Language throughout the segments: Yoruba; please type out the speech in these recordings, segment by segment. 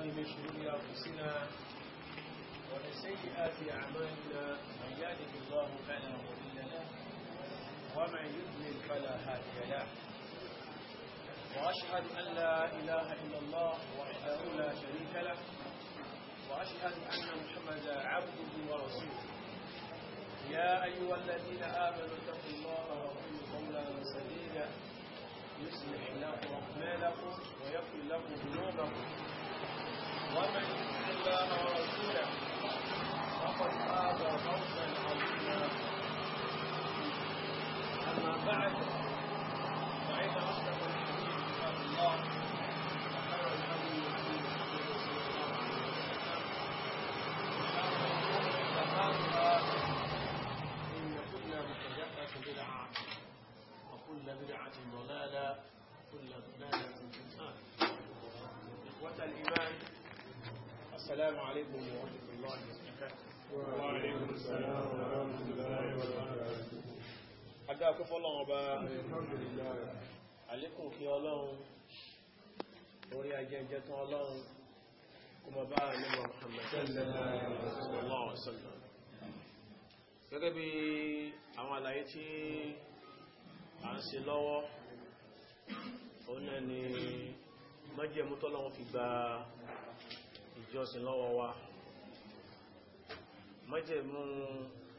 الله من شرور أنفسنا ومن سيئات أعمالنا من يهده الله فلا مضل له ومن يضلل فلا هادي له وأشهد أن لا إله إلا الله وحده لا شريك له وأشهد أن محمدا عبده ورسوله يا أيها الذين آمنوا اتقوا الله وقولوا قولا سديدا يصلح لكم أعمالكم ويغفر لكم ذنوبكم ومن يطع الله ورسوله فقد فاز فوزا عظيما اما بعد فان اصدق الحديث كتاب الله السلام عليكم ورحمة الله وبركاته وعليكم السلام ورحمة الله وبركاته Adá akúfọ́ lọ́wọ́ bá àlékún kí ọlọ́run, orí ajẹ́jẹ́ tán ọlọ́run, kò mọ̀ bá àlébọ̀ Mùhàmmadì Gẹ́gẹ́ bí àwọn àlàyé tí a ń ṣe lọ́wọ́, òun náà ni mọ́jẹ̀mú tọ́lọ́run fi gba ìjọsìn lọ́wọ́ wa májẹ̀mú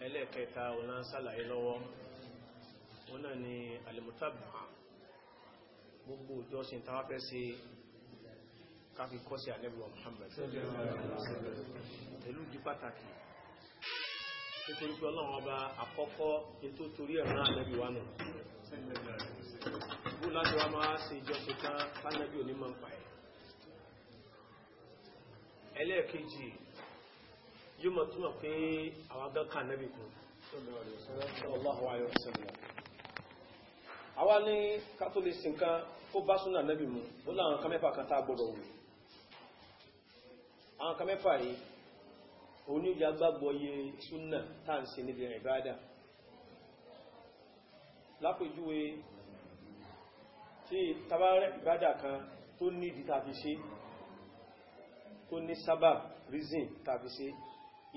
ẹlẹ́ẹ̀kẹta ọ̀nà sálàyé lọ́wọ́ ọ̀nà ni alìmọ̀tàbà gbogbo ìjọsìn tàwà fẹ́ sí káfí kọ́ sí àlẹ́bùwà Muhammad pẹ̀lú láti wá máa ṣe ìjọsìn kan lánàbí onímọ̀ pàì ẹlẹ́ẹ̀kejì yóò mọ̀ túnmọ̀ pé àwọn agánká nẹ́bì kún àwa ní kátólísì nǹkan ó bá súnà nẹ́bì mú ó láwọn nǹkan mẹ́fà kan tá gbọ́dọ̀ wù àwọn nǹkan mẹ́fà yìí òun yóò gbàgbọ́ yé súnà tá ń ṣe níbi ìbádà lápèjúwe tí tabárẹ̀ ìbádà kan tó nídìí tá fi ṣe tó ní sábà reason tàbí ṣe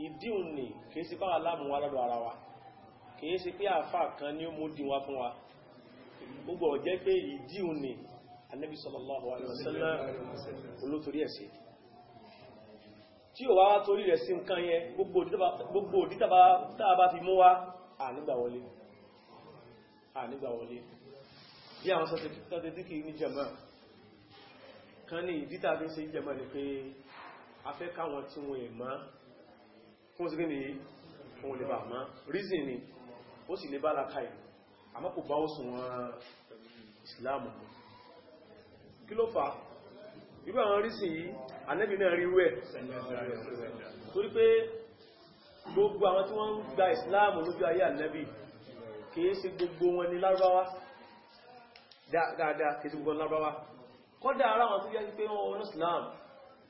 ìdíhùn ní kìí sí báwa láàmú wa lọ́dọ̀ ara wa kìí sí pé àfà kan ní ó mú dín wa fún wa gbogbo ọ̀jẹ́ pé ìdíhùn ní Ànábì sallallahu alaihi wasallam olótorí ẹ̀sìn tí ò wá torí rẹ̀ sí nǹkan yẹn gbogbo òdítàbá tàbá fi mú wá ànígbàwọlé ànígbàwọlé bí àwọn sọ́tẹ̀ tí kìí ní jẹ̀mọ́ kan ní ìdítàbí sí jẹ̀mọ́ ni pé afẹ́ káwọn tí wọ́n è má fún sí ní fún lè bà má reason ni ó sì lè bá láká ẹ̀ àmọ́ kò bá òsùn wọn ìsìláàmù kí ló fà irú àwọn reason yìí anẹ́bì náà rí rẹ̀ torí pé gbogbo àwọn tí wọ́n ń gba ìsìláàmù lójú ayé anẹ́bì kìí sí gbogbo wọn ní lárúbáwá dáadáa kìí sí gbogbo lárúbáwá kọ́dá ara wọn tó jẹ́ pé wọ́n wọ́n islam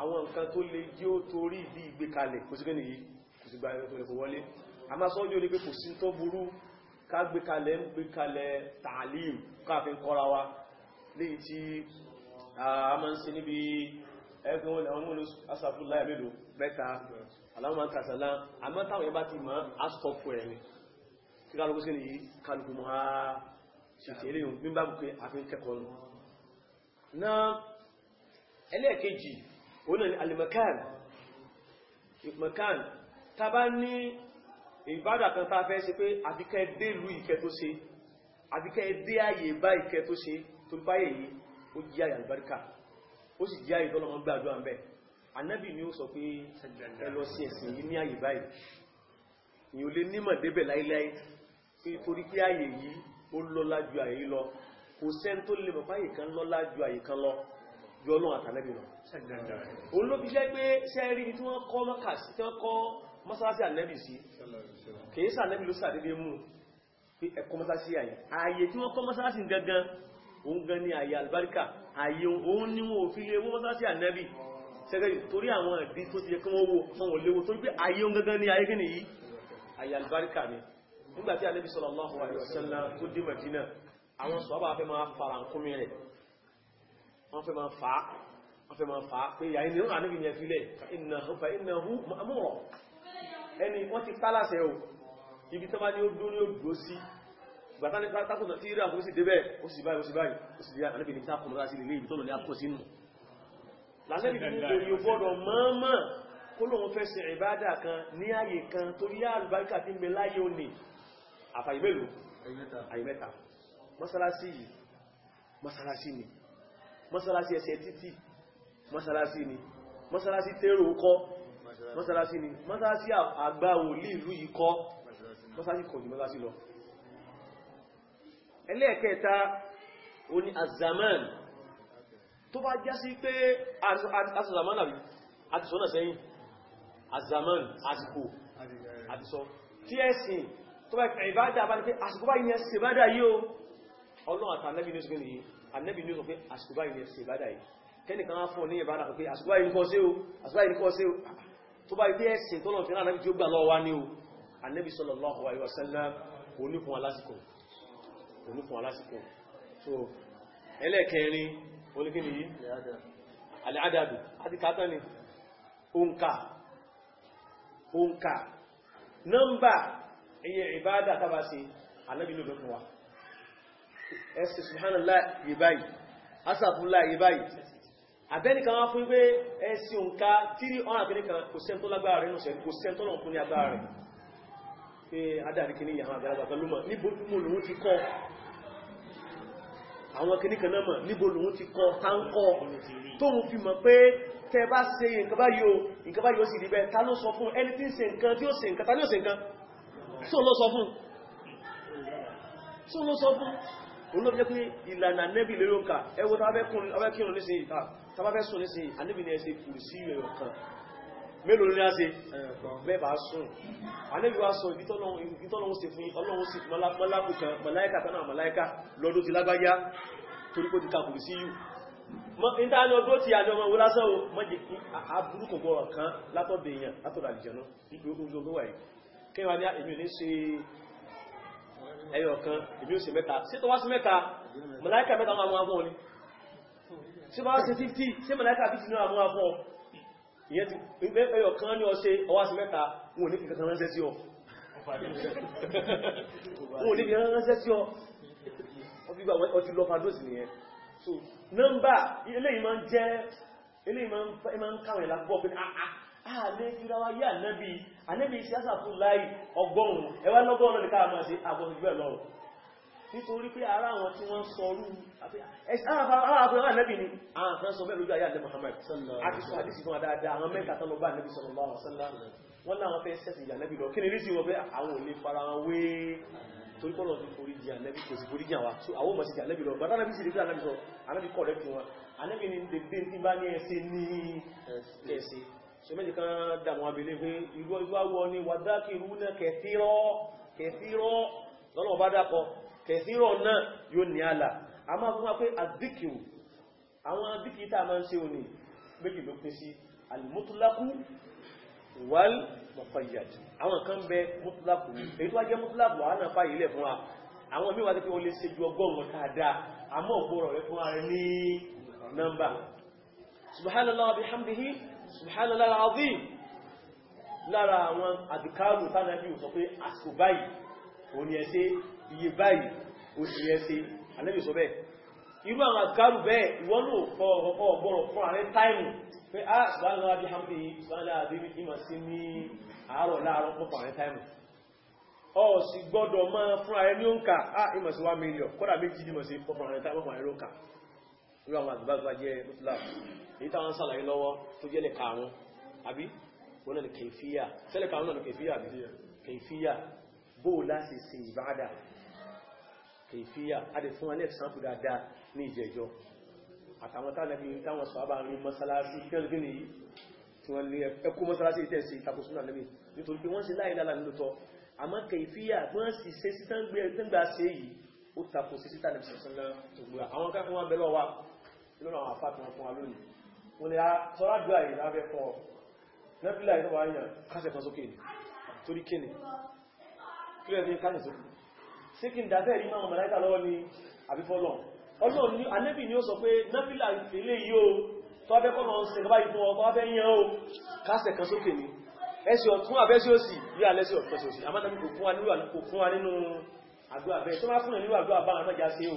àwọn nǹkan tó lè jí ó torí ìdí ìgbékalẹ̀ kò sí kí nìyí kò sí gba ẹ̀rọ tó lè kò wọlé a máa sọ ní pé kò sí tó burú ká gbékalẹ̀ ń gbékalẹ̀ tààlim káàfin kọ́ra wa léyìí tí a máa ń ṣe níbi ẹgbẹ́ wọn àwọn olóòsù asàfúnláyà mélòó mẹ́ta aláwọn kàtàlá àmọ́ táwọn ẹbá ti máa asọ́pù ẹ̀rin tí kálùkù sí nìyí kálùkù mọ́ a ṣètẹ̀lé ẹlẹ́ẹ̀kejì òun ni alimakan makan ta bá ní ìbádà kan ta fẹ́ ṣe pé àbíkẹ́ dé lú ìkẹ́ tó ṣe àbíkẹ́ dé ààyè bá ìkẹ́ tó ṣe tó báyè yìí ó jí àyà àlùbáríkà ó sì jí àyè tọ́lọ́mọ gbàdúrà ń bẹ̀ anábì ni ó sọ pé ẹ lọ sí ẹ̀sìn yìí ní àyè báyìí ni ò lè nímọ̀ débẹ̀ láíláí pé torí pé àyè yìí ó lọ́lá ju àyè lọ kò sẹ́ni tó lè mọ̀ fáyè kan lọ́lá ju àyè kan lọ ju ọlọ́run àtàlẹ́bì náà òun ló fi jẹ́ pé sẹ́rí tí wọ́n kọ́ mọ́kàsí tí wọ́n kọ́ mọ́sálásí ànẹ́bì sí kìí sànẹ́bì ló sàdédé mú pé ẹ̀kọ́ mọ́sálásí àyè ààyè tí wọ́n kọ́ mọ́sálásí gangan òun gan ni ààyè àlùbáríkà ààyè òun ni wọn ò fi lé wó mọ́sálásí ànẹ́bì sẹ́gẹ́rì torí àwọn ìdí tó ti yẹ kí wọ́n wò fún wọn léwo torí pé ààyè òun gangan ni ààyè kí nìyí ààyè àlùbáríkà ni nígbà tí ànẹ́bì sallallahu alaihi wasallam tó dé Mẹdínà àwọn sọ́ọ́bà fẹ́ máa fara nkúmi rẹ̀ wọ́n fẹ́ máa fà á wọ́n fẹ́ máa fà á pé yà ní ọ̀rọ̀ àníbì ní ẹ̀fílẹ̀ fa innahu ma'mura ẹni wọ́n ti pálàṣẹ o ibi tó bá ní ó dún ní ó dúró sí gbàtà ní pátákùn tí ìrìn àkókò sì débẹ̀ ó sì báyìí ó sì báyìí ó sì báyìí àníbì ní tákùn lọ́ra sí ilé ibi tó lọ ní àkókò sínú lànàbì ní lórí ọgbọ́dọ̀ mọ́ọ́mọ́ kó lóun fẹ́ ṣe ìbádà kan ní ààyè kan torí àlùbáríkà tí ń bẹ láyé òní àfàyèmélò àyèmẹ́ta mọ́sálásí yìí mọ́sálásí ni mọ́sálásí ẹsẹ̀ títì mọ́sálásí ni mọ́sálásí tẹ́rò kọ́ mọ́sálásí ni mọ́sálásí àgbà wòlí ìlú yìí kọ́ mọ́sálásí kò ní mọ́sálásí lọ ẹlẹ́ẹ̀kẹta o ni azaman tó bá já sí pé azaman àbí àti sọ́nà sẹ́yìn azaman àsìkò àti sọ tí ẹ̀sìn tó bá fẹ̀ ìbádà bá ní pé àsìkò bá yẹn ṣe bádà yìí o ọlọ́run àtànẹ́bì ní ó kẹ́nìkan á fún ní ìbára pé àsìkò báyìí nǹkan sí o àsìkò báyìí nǹkan sí o tó bá ibi ẹ̀sìn tó lọ́nà fi ránà tí ó gbà lọ́wọ́ wá ní o annabi sallallahu alaihi wasallam onífún alásìkò onífún alásìkò so ẹlẹ́ẹ̀kẹrin oníkíni yìí alẹ́adàdù àti kátánì òǹkà òǹkà nọ́mbà ẹ̀yẹ ìbádà tàbá sí annabi ló bẹ̀kùn wa ẹsẹ̀ subhanallah yìí báyìí asàfúnlá àbẹ́nìkan wá fún pé ẹsì òǹkà 300 kìnnìkan kò sẹ́n tó lágbára rẹ̀ nùsẹ̀ kò sẹ́n tó lọ́n fún ní agbára rẹ̀ pé adáàrí kìnnì yàmà àgbàlagbà pẹ̀lúmọ̀ níbo lòun ti kọ́ àwọn kìnnìkan náà mọ̀ níbo lòun ti kọ́ táńkọ́ tó mú fi mọ̀ pé tẹ olóòjẹ́ pé ìlànà anẹ́bì lórí òǹkà ẹwọ tàbábẹ́kírùn nísìnyí tàbábẹ́ sùn nísìnyí anẹ́bì ní ẹsẹ kùrù sí ẹ̀rọ kan mélòó ní àṣẹ mẹ́bàá sùn anẹ́bì wá sọ ìtọ́lọ́run sí fún ọlọ́run sí mọ́lápù kan màláíkà tánà màláíkà lọ́dún ti lágbájá torí kó ti ka kùrù sí yù níta ni ọdún ti àjọ ọmọ wo lásán o mọ́jẹ̀ kí aburú kò gbọ́rọ̀ kan látọ̀dọ̀ èèyàn ẹyọ kan èmi ò sí mẹ́ta sí tó wá sí mẹ́ta màláíkà mẹ́ta máa mú afọ́ ni sí bá sí 50 sí màláíkà 50 náà mú afọ́ ìyẹn ti ẹyọ kan ní ọṣẹ ọwá sí mẹ́ta wọn ò ní kìkan ránṣẹ́ sí ọ wọn ò ní kìkan ránṣẹ́ sí ọ ọbí gbà ọtí lọ fàdósì nìyẹn so nọ́mbà eléyìí máa ń jẹ́ eléyìí máa ń káwọn ìlàgbọ́ pé àà àà lè fi ra wáyé ànábì anẹ́bí sí àṣàtún láì ọgbọ́rùn ẹwà lọ́gọ́rùn ní káàmà sí agbọ́sígbẹ̀ lọ́rùn nítorí pé ara àwọn tí wọ́n sọrú àwọn anẹ́bí ni àwọn kan sọ bẹ́ẹ̀ lójú ayé àdẹ́ Muhammad àti sọ àdísì fún àdáadáa àwọn mẹ́ta tán lọ bá anẹ́bí sallallahu alaihi wasallam wọ́n láwọn fẹ́ sẹ́sì ìyà anẹ́bí lọ kí ni rí sí wọ́n pé àwọn ò lè fara wé torí pọ́lọ̀ ti forí jì anẹ́bí kò sì forí jì àwà tó àwọn ọmọ sí jì anẹ́bí lọ bàtà anẹ́bí sì rí pé anẹ́bí sọ anẹ́bí kọ̀ rẹ̀ fi wọn anẹ́bí ni dèdè tí bá ní ẹsẹ̀ ní ẹsẹ̀ sọmẹ́jì kan dàmù abìlé fún irú ìwáwọ́ ni wàdákìrú náà kẹsírọ́ kẹsírọ́ lọ́nà ọba dákọ kẹsírọ́ náà yóò ní àlà a máa fún wa pé àdíkìrù àwọn àdíkìtà máa ń ṣe òní méjì ló pín sí alìmútúlákú wal muqayyad àwọn kan bẹ subhanallah al-azim lára àwọn àdìkáàrù tánàbí sọ pé àsìkò báyìí o ní ẹsẹ́ iye báyìí o sì ẹsẹ́ alẹ́bì sọ bẹ́ẹ̀ irú àwọn àdìkáàrù bẹ́ẹ̀ ìwọ́n ló kọ́ ọgbọ́n fún ààrẹ táìmù pé a ah, subhanallah bihamdi subhanallah àdìrí ìmọ̀ sí ní àárọ̀ láàárọ̀ fún ààrẹ táìmù ọ̀sì gbọ́dọ̀ máa fún ààrẹ ní òǹkà a ah, ìmọ̀ sí 1 million kọ́dà méjì ìmọ̀ sí fún ààrẹ táìmù irú àwọn àdìbàgbà jẹ́ muslim èyí táwọn sàlàyé lọ́wọ́ tó jẹ́ lè karùn-ún àbí wọ́n ni kèfíyà tẹ́lẹ̀ karùn-ún náà kèfíyà àbí kèfíyà bó láti sin ìbádà kèfíyà a dẹ̀ fún alex sample dáadáa ní ìjẹjọ́ àtàwọn tánàbí táwọn sọ àbá rí mọ́sálásí ni tí wọ́n lè ẹkú mọ́sálásí ìtẹ́sí ìtakùsúnà lẹ́bí nítorí pé wọ́n sí láìlára lóòtọ́ àmọ́ kèfíyà wọ́n sì ṣe sí ó takùsí sí tánàbí sọ̀sán náà tó gbà àwọn káfíwọ́n bẹ̀lọ́ wa lórí àwọn àfáàtì wọn fún wa lónìí wọ́n ah, ni a sọ́rọ̀ àdúrà yìí lábẹ́ fún ọ nẹ́bílà ìlú wa yàn kásẹ̀ kan sókè torí kíni kílẹ̀ ní kásẹ̀ sókè sí kí n dàbẹ́ rí máa mọ̀láíkà lọ́wọ́ ni àbífọ́lọ̀ ọlọ́run ní anẹ́bì ni ó sọ pé nẹ́bílà ìfèlé yíó tọ́bẹ́ kọ́ lọ́n sẹ lọ́bá ìfún ọkọ̀ abẹ́ yẹn ó kásẹ̀ kan sókè ni ẹsẹ̀ ọ̀tún abẹ́sí òsì rí alẹ́sí ọ̀tún òsì àmọ́tàbí kò fún wa nínú àdúrà bẹ́ẹ̀ tó má fún ẹ̀ nínú àdúrà bá àwọn ọmọ ìjà sí ó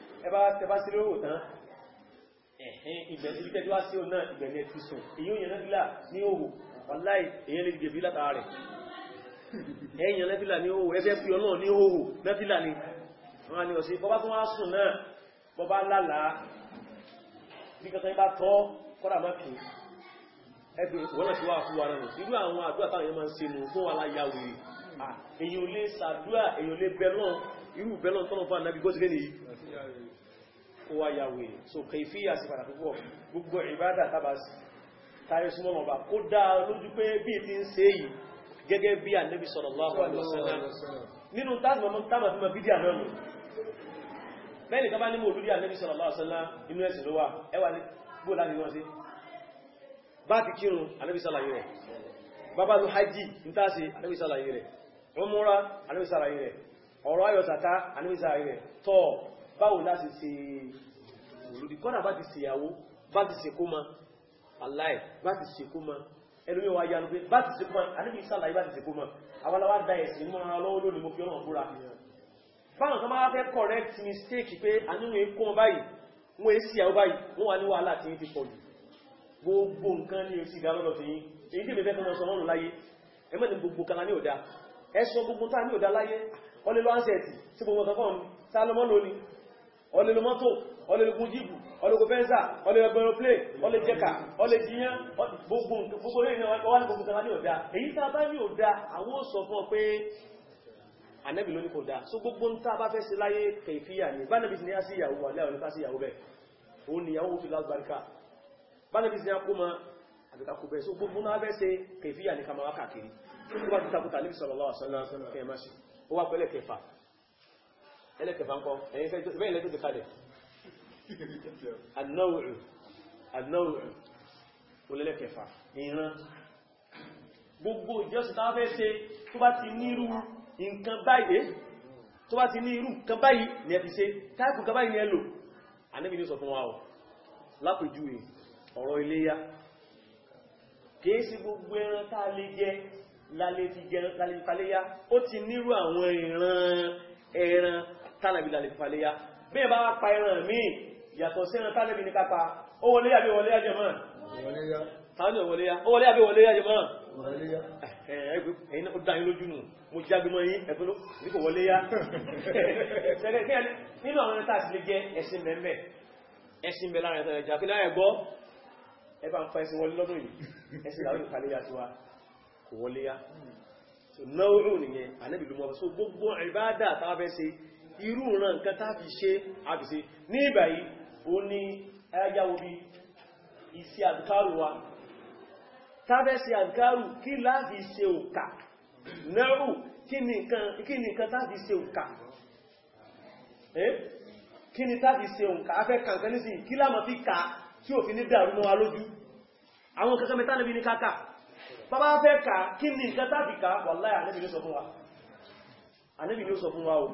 ẹbá tẹbá sí lóòrò tán ẹ̀hìn ìbẹ̀lẹ̀ tó wá sí ọ̀nà ìbẹ̀lẹ̀ tó sùn èyí òyìn náà ní òwò ọláì èyí lè gẹ̀bí látara rẹ̀ ẹ̀yìn náà ní òwò ẹgbẹ́ fi ọlọ́ ní òwò náà ní wọ́n ni ọ̀sẹ̀ bọ́bá tó wá sùn náà bọ́bá lálàá bí kankan bá tọ́ kọ́dà má kìí ẹgbẹ́ wọ́n náà ti wá fún wa náà irú àwọn àdúrà táwọn èèyàn máa ń ṣe nù fún wa láyà wèrè èèyàn lè ṣàdúrà èèyàn lè bẹ náà irú bẹ́lọ̀ tọ́lọ̀ fún ànábì gọ́sí lẹ́nìí ó wá ya wèrè so kèfíyà sí padà púpọ̀ gbogbo ìbádà tábàs tàrí súnmọ́ ọba kó dá lójú pé bí ti ń ṣe yìí gẹ́gẹ́ bí ànábì sallallahu alaihi wasallam nínú tábàtúmọ̀ bídíà náà nù bẹ́ẹ̀ni ká bá ní mòdúrí ànábì sallallahu alaihi wasallam inú ẹ̀sìn ló wà ẹwà ní gbò láti wọ́n sí bá ti kírun ànábì sàlàyé rẹ̀ bàbá lu hajji ní tàṣe ànábì sàlàyé rẹ̀ wọ́n múra ànábì sàlàyé rẹ̀ ọ̀rọ̀ ayọ̀ tàkà àníbísà rẹ̀ tọ́ báwo láti ṣe olùdí kọ́nà bá ti ṣèyàwó bá ti ṣekó ma aláì bá ti ṣekó ma ẹlúmí wa yanu pé bá ti ṣekó ma àníbísà láì bá ti ṣekó awalawa da ẹ̀sìn mọ́ lọ́wọ́ lónìí mo fi ọ̀nà fúra correct mistake pé àníwò ekó wọn báyìí wọ́n èsì àwọn báyìí wọ́n wà ní wàhálà tí ń ti pọ̀ jù gbogbo ni gbogbo kan ní ọ̀dá ẹ̀sọ́ gbogbo tá ní ọ̀dá láyé ọlẹ́lọ ánsẹ̀tì tí gbogbo kankan sálọmọ́ lóní ọlẹ́lọ mọ́tò ọlẹ́lọ́gún jíìpù ọlẹ́gún fẹ́nsà ọlẹ́gbẹ̀rọ̀plẹ̀ ọlẹ́jẹ́kà ọlẹ́jìyàn gbogbo lẹ́yìn ọwá ní gbogbo kankan ní ọ̀dá èyí tá bá ní ọ̀dá àwọn sọ fún ọ pé anẹ́bì lóní kò dá so gbogbo ń tá bá fẹ́ sí láyé kẹfíyà ní bánẹ́bì ti ní á sí ìyàwó wà lẹ́ọ̀ní ká sí ìyàwó bẹ̀ òun ni ìyàwó fi lásbáríkà bánẹ́bì ti ní á kó mọ́ àbíká kò bẹ̀ so gbogbo náà fẹ́ sí kẹfíyà ní kàmàwá kàkiri tó bá ti takùtà níbi sọ̀rọ̀ lọ́wọ́ sọ́lọ́ ó wá pẹ́lẹ̀ kẹfà ẹlẹ́kẹfà ńkọ́ ẹ̀yìn lẹ́tọ́ ti kalẹ̀ anáwòrán anáwòrán olẹ́lẹ́kẹfà ìran gbogbo ìjọsìn tàbí fẹ́ ṣe tó bá ti ní irú nǹkan báyìí eh? tó bá ti ní irú nǹkan báyìí ni ẹ̀fì ṣe táàkù nǹkan báyìí ni ẹlò anẹ́bì ní sọ fún wa gbogbo ẹran lálé ti jẹran lálé fi paléyá ó ti nírú àwọn ìran ẹran tánàbí lálé fi paléyá bí ẹ bá wá pa ẹran míì yàtọ̀ sí ẹran tánàbí ní kápa ó wọlé àbí wọlé àjẹ mọ́ tánàbí wọlé yá ó wọlé àbí wọlé àjẹ mọ́ ẹ̀yìn ó dáyín lójú nù mo jágbé mọ́ yí ẹ̀tọ́ ló ní kò wọlé yá nínú àwọn ẹ̀ta àti lè jẹ́ ẹ̀sìn mẹ́mẹ́ ẹ̀sìn mẹ́ láàrin ẹ̀ta ẹ̀jà pínlẹ̀ ẹ̀gbọ́ ẹ̀bá ń fa ẹ̀sìn wọlé lọ́dún yìí ẹ̀sìn láwọn ìpàlẹ̀ yà ti wá kò wọlé yá so náwòrò nìyẹn ànábì ló mọ́ so gbogbo ìbádà tàbẹ́ ṣe irú ràn nǹkan tàbí ṣe àbìṣe ní ìbàyí o ní ẹjáwó bí iṣẹ́ àdúkárù wa tàbẹ́ ṣe àdúkárù kí láti ṣe òkà náwò kí nìkan tàbí ṣe òkà kí ni tàbí ṣe òǹkà afẹ́ kàǹkan nísìn kí láàmà fi kà tí ò fi ní dàrú mọ́ wa lójú àwọn kankan mẹ́ta níbi ní kákà bàbá fẹ́ ká kí ní nǹkan tàbí ká wàláhì ànábì ló sọ fún wa ànábì ló sọ fún wa o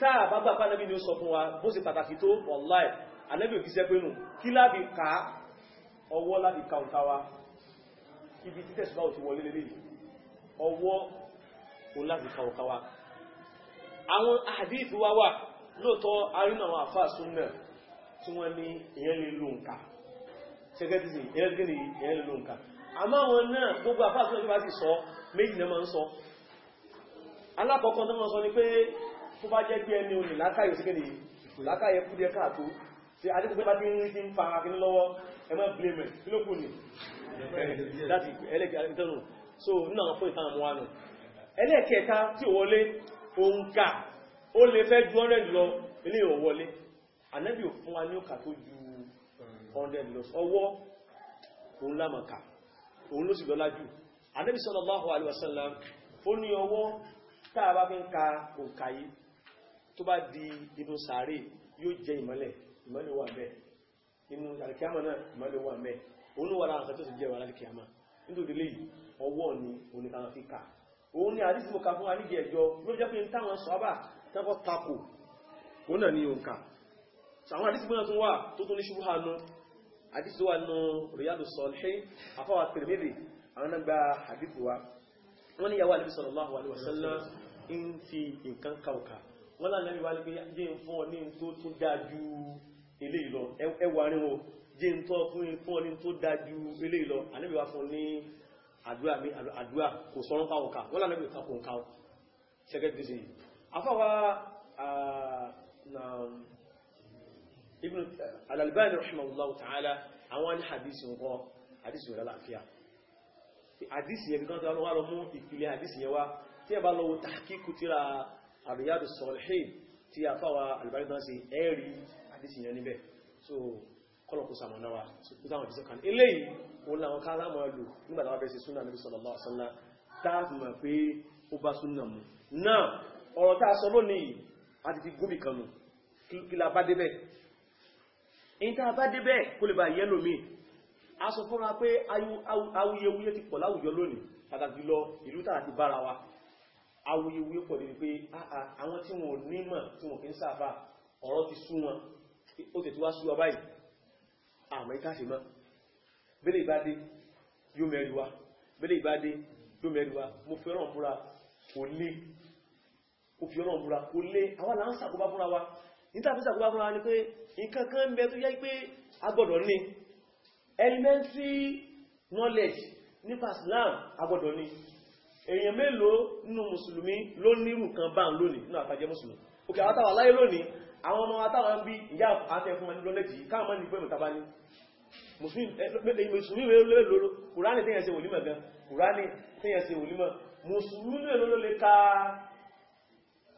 táà bá gbà ànábì ló sọ fún wa bó ṣe pàtàkì tó wàláhì ànábì ò kíṣẹ́ pínú kí láàbí ká ọwọ́ láti ká òǹkà wa ibi títẹ̀ sọ́bá ò ti wọlé lélẹ̀ ọwọ́ o láti wa àwọn àdíìtì wá wà lóòtọ́ arínà àwọn àmọ́ àwọn náà gbogbo àfáàsí ọjọ́ bá sì sọ méjì náà máa ń sọ alákọ̀ọ́kọ́ tó máa sọ ni pé tó bá jẹ́ pé ẹni olè lákàyè sí kéde kò lákàyè kúrẹ́ káàtó tí adékùnfẹ́ bá ti ń rí ti ń fa akíní lọ́wọ́ ẹ má blame kí ló kù ní láti ẹlẹ́gbẹ̀ẹ́ alẹ́gbẹ̀ẹ́tọ́nù so náà fún ìtàn àwọn ànà ẹlẹ́kẹta tí ò wọlé òǹkà ó lè fẹ́ ju 100 lọ ilé ò wọlé anẹ́bí ò fún wa ní òkà tó ju 100 lọ ọwọ́ òun lámàkà òun ló sì lọ́lá jù Ànábì sallallahu alaihi wasallam ó ní ọwọ́ táà bá fi ń ka òǹkà yìí tó bá di inú sàárè yóò jẹ ìmọ́lẹ̀ ìmọ́lẹ̀ wà mẹ́ inú alìkíyàmà náà ìmọ́lẹ̀ wà mẹ́ olúwàrá àǹkan tó sì jẹ́ wàrá alìkíyàmà nítorí lè ọwọ́ ni oníkàwọn fi kà hadith wa nu riyadu salihin afawa tirmidhi àwọn náà gba hadith wa wọ́n ní yàwó alibi sallallahu alaihi wasallam in fi nǹkan kauka wọ́n láàrín lẹ́bí wá ní pé jẹ́ fún ọ ní tó tó dájú ilé ìlọ ẹwà rí wọn jẹ́ tó fún ọ ní tó dájú ilé ìlọ alẹ́bí ibn uh, al-albani rahimahullahu ta'ala àwọn ní hadisi nǹkan hadisi wọ̀lá láàfíà hadisi yẹn kan tó wá lọ mú ìpìlẹ̀ hadisi yẹn wá tí ẹ bá lọ wo tahqiqu tíra àríyàdù sọ̀rọ̀hìn tí a fáwà albani náà sí hadisi yẹn níbẹ̀ so kọlọ̀kù sàmọ̀náwà so kú táwọn ìdíṣẹ́ kan eléyìí òun làwọn ká lámọ̀ lò nígbà táwọn bẹ̀rẹ̀ sí súnà níbi sallallahu alaihi wasallam táàfù mọ̀ pé ó bá súnà mu náà ọ̀rọ̀ tá a sọ lónìí a ti fi gómìkan kí la bá débẹ̀ nǹkan bá débẹ̀ kó lè bá yẹ́lò mi a sọ fúnra pé awuyewuye ti pọ̀ láwùjọ lónìí pàtàkì lọ ìlú tàà ti bára wa awuyewuye pọ̀ lórí pé àwọn tí wọn nímọ̀ tí wọn kì ń sáfà ọ̀rọ̀ ti sú wọn ó tẹ̀ tí wá sú wa báyìí àmọ́ ìká ṣe mọ́ nítàfíìsà tó bá fún wa ní pé nǹkan kan ń bẹ tó yẹ pé agbọ́dọ̀ ní elementary knowledge nípa Islam agbọ́dọ̀ ní èèyàn mélòó nínú mùsùlùmí ló nírù kan bá ń lónìí nínú àtàjẹ́ mùsùlùmí òkè àwọn táwà láyé lónìí àwọn ọmọ àtàwà ń bí ìyá àtẹ́ fún ẹni lọ́lẹ́jì káàmọ́ ní pẹ́mù tàbá ní mùsùlùmí lélòó kùránì tẹ́yẹ̀ ṣe wòlímọ̀ gan kùránì tẹ́yẹ̀ ṣe lè ka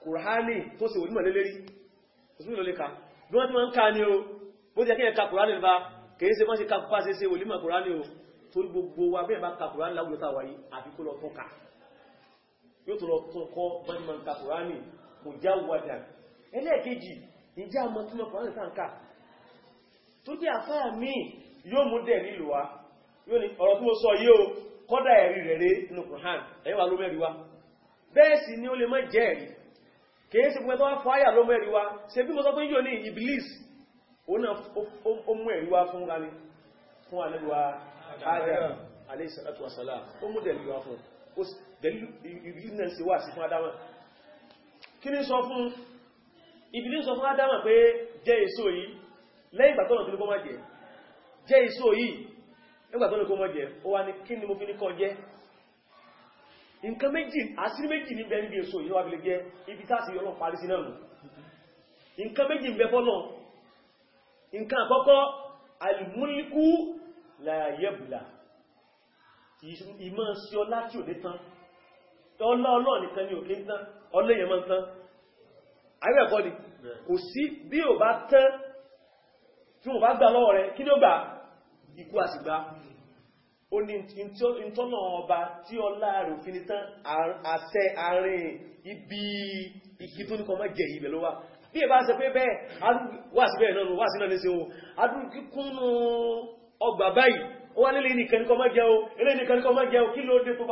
kùránì tó ṣe wòlímọ̀ lélẹ́rí òsùn ló lè ka bí wọ́n ti ni o bó ti ẹkẹ́ ka kùránì bá kèé se mọ́ sí kakùpá se se olímọ̀ kùránì o torí gbogbo wa bẹ́ẹ̀ bá ka kùránì láwùjọ tá wáyé àfi kó lọ tún ka yóò tó lọ tún kọ́ bá ti máa ń ka kùránì kò já wàdà ẹlẹ́ẹ̀kejì ìjà àmọ́ tí mo kùránì tá ń ka tó jẹ́ àfáà míì yóò mú dẹ̀ nílùú wa ni ó lè kìí sí fún ẹ̀tọ́ fáyà ló mẹ́rí wá ṣe bí mo sọ pé yíò ní iblis ó náà ó mú ẹ̀rí wá fún rani fún alẹ́lúwa adam alẹ́sàtàtù àsàlá ó mú dẹ̀lú wá fún iblis náà sí wá sí fún adama kí ni sọ fún iblis sọ fún adama pé jẹ èso yìí nǹkan méjì àṣírí méjì ní bẹ̀rẹ̀ èso yíò wà gẹ́gẹ́ ibi tàà sí yọ́nà parí sí náà nǹkan méjì ń bẹ fọ́nà nǹkan àkọ́kọ́ alìmúlíkú làyẹ̀bùlà ìmọ̀ sí ọlá tí ò ní tán ọlá ọlọ́ nìkan ni ò kí ń tán ọlẹ́yẹ̀ mọ́ tán ayẹ́ẹ̀kọ́ ni kò sí bí ò bá tán tí ó ní ìtọ́nà ọba tí ọlá rẹ̀ òfin tán àṣẹ àárín ibi igi tó ní kọmọ jẹ ibẹ̀ ló wà bí ẹ bá ṣe pé bẹ́ẹ̀ wà sí bẹ́ẹ̀ náà wà sí náà ní ṣe o adúnkúnnú ọgbà báyìí ó wá nílé nìkan o ilé nìkan ní kọmọ jẹ o kí ló dé tó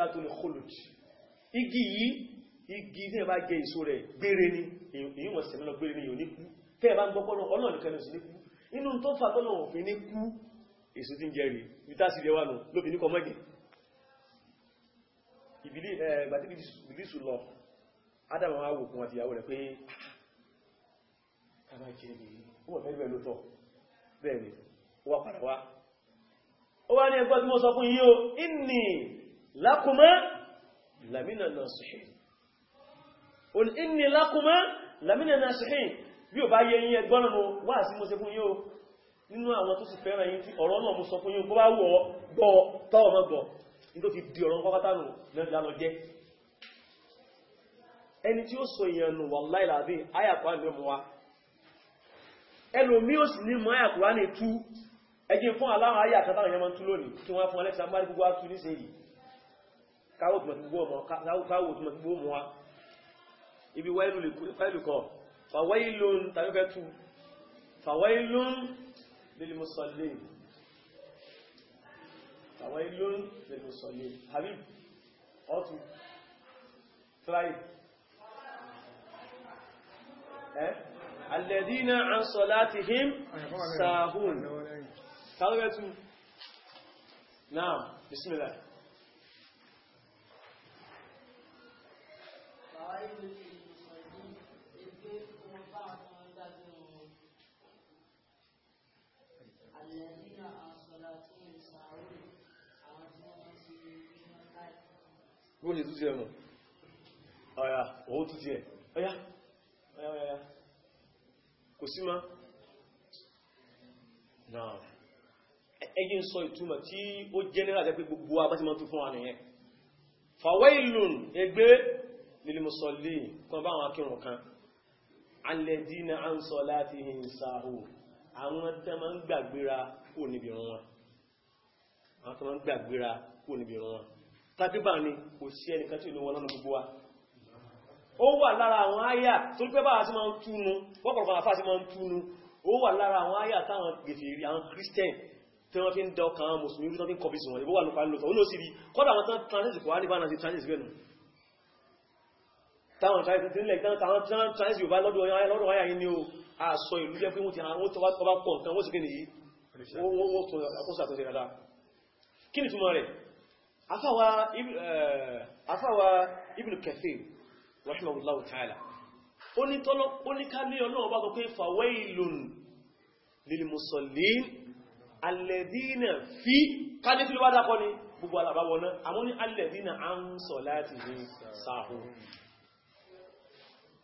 bá igi yìí igi ní ẹ jẹ èso rẹ̀ gbére ni èyí wọ̀n sẹ̀mẹ́lọ gbére ni yóò ní kú tẹ́ bá ń gbọ́ pọ́nà ọlọ́run nìkan ló sì ní kú inú tó fà tọ́nà òfin ní kú èso tí ń jẹ rí níta sí ilé wà nù lóbi ní kọmọ́gì ìbílísù lọ adam wa wò kún àtìyàwó rẹ̀ pé kàbá jẹ́ mi ó wà fẹ́rẹ̀ lótọ́ bẹ́ẹ̀ inni lákùmọ́ lamina nasihin nasihin bí ò bá yé yín ẹgbọ́nà mo wà sí mo ṣe fún yín o nínú àwọn tó sì fẹ́ràn yín tí ọ̀rọ̀ náà mo sọ fún yín kó bá wọ̀ gbọ́ tọ́wọ̀ mọ́ gbọ́ ní tó fi di ọ̀rọ̀ pápátánù lẹ́lọ jẹ́ ẹni tí ó sọ èèyàn nù wà láìláàbí ayàkùrá ní ọmọ wa ẹlòmí ò sì ní mọ́ ayàkùrá ní tú فويل تلقته فويل للمصلين فويل للمصلين حبيب أوتو تراي eh? الذين عن صلاتهم ساهون تلقته نعم بسم الله bó ṣe tútù ẹnu ọ̀yà owó tútù ẹ̀ ọ̀yà ọ̀yà kò sí má náà ẹgbẹ́ ń sọ ìtumọ̀ tí ó general jẹ́ pé gbogbo abájímọ̀ tó fún wa nìyẹn fawailun ẹgbẹ́ nílùmọ̀sọ̀lẹ̀ kan bá àwọn akẹ́rùn kan alẹ́dínà à ń sọ láti hin sáhù àwọn tẹ́ wọn tàbíbà ni kò sí ẹnìkan tí ìlú wọn lọ́nà gbogbo wa ó wà lára àwọn áyà tó pẹ́ bá àti máa ń túnu pọ́pọ̀lọpọ̀ àfáà ti máa ń túnu ó wà lára àwọn áyà táwọn gèfèrí àwọn Christian tí wọ́n fi ń dọ́ka àwọn mùsùlùmí tó fi ń kọfí sí wọn ìbówà lópa lópa olóòsì rí kọ́dà àwọn tán transit kò wá nípa náà sí transit bẹ́ẹ̀ nù táwọn transit tí nílẹ̀ táwọn transit yóò bá lọ́dọ̀ ayá yìí ni ó àṣọ ìlú afáwa uh, afáwa ibn kathir rahimahullahu ta'ala ó ní tọ́lọ́ ó ní ká ní ọlọ́wọ́ bá gọ́kọ́ fawailun lilmusallin alladhina fi kájẹ́ tí ló bá dákọ́ ní gbogbo alábáwọ̀ náà àmọ́ ní alladhina an salatihim sahun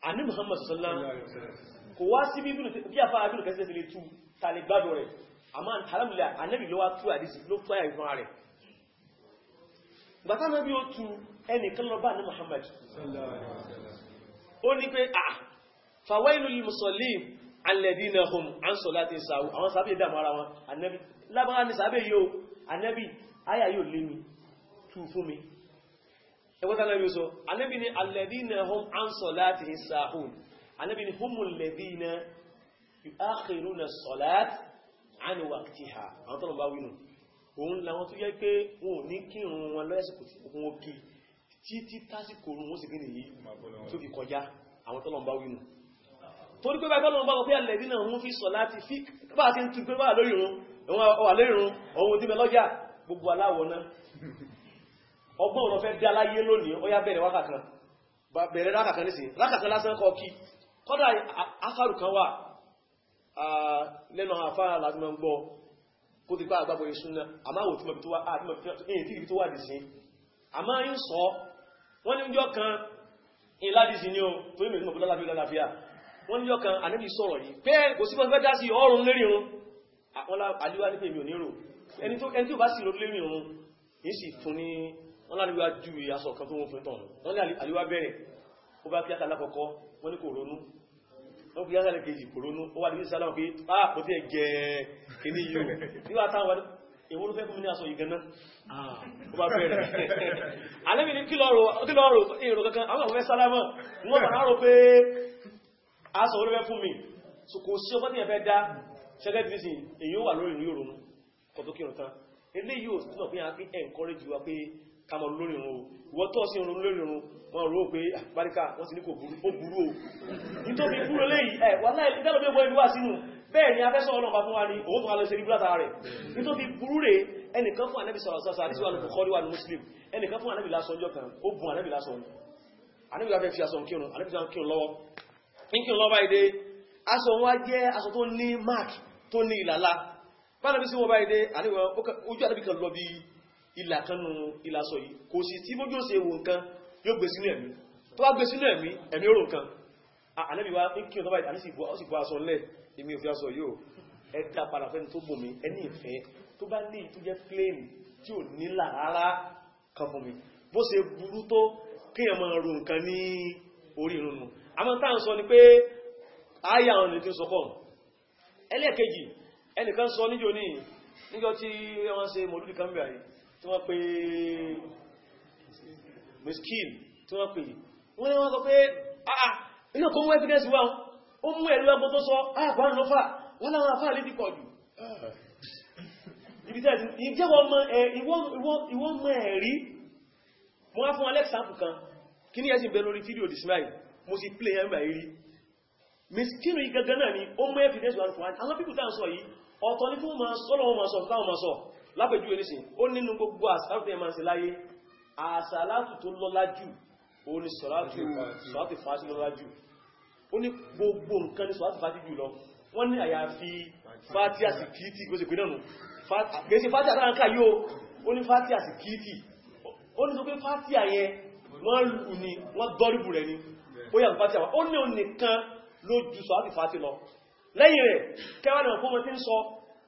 àní muhammad sallallahu kò wá sí bí afá ibn kathir ti lè tú tàlẹ̀gbádọ̀ rẹ̀ àmọ́ alhamdulillah anẹ́bì ló wá tú àdísì ló fáyà ìfún rẹ̀ gbàtà náà bí ó tu ẹnìkan lọ bá ní Muhammad ó ní pé à ah, fàwẹ́lú musulmi alẹ́dínà hùn án sọ láti sàáwù àwọn sàábẹ̀ dàmọ́ ara wọn anẹ́bí lábára ní sàábẹ̀ yóò anẹ́bí ayà yóò lé mi tú fún mi ẹgbẹ́ta náà yóò sọ anẹ́bí ni alẹ́dínà hùn án sọ láti sàáwù anẹ́bí ni hùmùn lẹ́dínà yóò ákèrú na sọ̀láti àni ha àwọn tọ́nà òun làwọn tó jẹ́ pé wọn ò ní kírun wọn lọ́yẹ̀sìkò tí wọ́n kí títí tásìkò orun wọ́n sì kí nìyí tó fi kọjá àwọn tọ́lọ̀mbá wínú torí pé bá tọ́lọ̀mbá wọ́n pé alẹ́bí náà wọ́n fi sọ láti fi bá ti ń tu pé bá lórí irun ọwà lórí irun ohun tí mẹlọ́jà gbogbo aláwọ̀ náà ọgbọ́n ọ̀rọ̀ fẹ́ dé aláyé lónìí ó yá bẹ̀rẹ̀ wákàkan bẹ̀rẹ̀ rákàkan nísìn rákàkan lásán kọ kí kọ́dà afárù kan wà lẹ́nu àfáà láti mọ́ gbọ́ kó ti bá àgbàgbọ́ ìṣúná àmáwò tí mọ̀ bí tó wà dìsí àmá yín sọ wọ́n ní jọ kan ìlàdìsí ní o tó yí mẹ́rin mọ̀bílá lábí lálàáfíà wọ́n ní jọ kan ànábì sọ̀rọ̀ yìí pé kò sí pọ́sífẹ́ dá sí ọrùn lérí irun àwọn àlúwà ní pèmí onírò ẹni tó bá sì lórí lérí irun yìí sì wọ́n fi yásàlẹ̀ kejì kòrónú ó ah, wà ní ìsàlẹ̀ òkè àpò tí ẹ gẹ kìíní yíò nígbà táwọn ìwọ́n fẹ́ fún mi ní aṣọ ìgànnà ah, ó bá bẹ̀rẹ̀ alẹ́bì ní kílọ̀rọ̀ èrò kankan àwọn àwọn sálámọ̀ wọ́n bá rárò pé aṣọ orí fẹ́ fún mi kò sí ọgbọ́n ní ẹ̀fẹ́ dá ṣẹ́gẹ́ dìísì èyí ó wà lórí ìrìn òrùn kọ̀ tó kírun tán eléyìí ò sí kàmọ̀ lórí wọn o wọ́n tọ́ sí irun lórí irun wọn rò pé àpáríkà ah, wọ́n sì ní kò burú ó burú o nítorí kúrò léyìí ẹ̀ wà láì ìdálò pé wọ́n ìlúwà sínú bẹ́ẹ̀ ni afẹ́sọ́ ọlọ́pàá fún wa ní owó fún alẹ́sẹ̀ rí búrátà rẹ̀ nítorí burú rẹ̀ ẹnìkan fún anẹ́bì sọ̀rọ̀ sọ́sọ́ àdísíwà ní kọ́rí wà ní muslim ẹnìkan fún anẹ́bì lásọ ọjọ́ kan ó bùn anẹ́bì lásọ anẹ́bì láfẹ́ fi aṣọ kírun anẹ́bì láfẹ́ kírun lọ́wọ́ kírun lọ́wọ́ èdè aṣọ wọn jẹ́ aṣọ tó ní mark tó ní ìlàlá bá anẹ́bì sí wọn bá èdè ojú anẹ́bì kan lọ bí ìlà kanú ìlàsọ yìí kò sí tí bójú ṣe wo nǹkan yóò gbé sínú ẹ̀mí tó bá gbé sínú ẹ̀mí ẹ̀mí ó rò nǹkan ànábì wa ń kí ọ̀tọ́bà ìtàní sì bọ́ aṣọ lẹ̀ èmi ò fi aṣọ yóò ẹ dá padà fẹ́ni tó bòmí ẹni ìfẹ́ tó bá ní ìtú jẹ́ plane tí ò nílà rárá kan bòmí bó ṣe burú tó kíyàn máa ro nǹkan ní orí irun nù àmọ́ táà ń sọ ni pé ayé àwọn ènìyàn ti sọ pọ̀ ẹlẹ́ẹ̀kejì ẹnìkan sọ níjò ní tí wọ́n ṣe mọ̀lúdì kan bẹ̀rẹ̀ tí wọ́n pè miskin tí wọ́n pè wọ́n ni wọ́n sọ pé àà ah, ah, inú kó mú evidence wá ó mú ẹ̀lú ẹgbọ́ tó sọ ààbọ̀ ah, lọ́fà wọ́n láwọn àfà lè dìkọ̀ jù ìjẹ́wọ́ mọ́ ẹ̀rí mo wá fún Alex sample kan kí ní ẹ̀sìn bẹ lórí fídíò dismay mo sì play ẹgbà eré miskinu yìí gangan náà ni ó mú evidence wá fún àwọn pípù tàà sọ yìí ọ̀tọ̀ ní fún ma sọ́lọ́wọ́ ma sọ fún táwọn ma sọ lápẹjú oníṣìn ó nínú gbogbo àsàlátù ẹ̀ máa ń ṣe láyé àsàlátù tó lọ́lá jù ó ní sọ̀látù fàájì lọ́lá jù ó ní gbogbo nǹkan ní sọ̀látù fàájì jù lọ wọ́n ní àyàfi fàájì àti kìítì gbóṣe pé náà gẹ́sí fàájì àtàrànkà yóò ó ní fàájì àti kìítì ó ní sọ pé fàájì àyẹn wọ́n lù ní wọ́n dọ́rìbù rẹ̀ ni ó yà fàájì àwọn ó ní òun nìkan ló ju sọ̀látù fàájì lọ lẹ́yìn rẹ̀ kẹwàá náà fún wọn tí ń sọ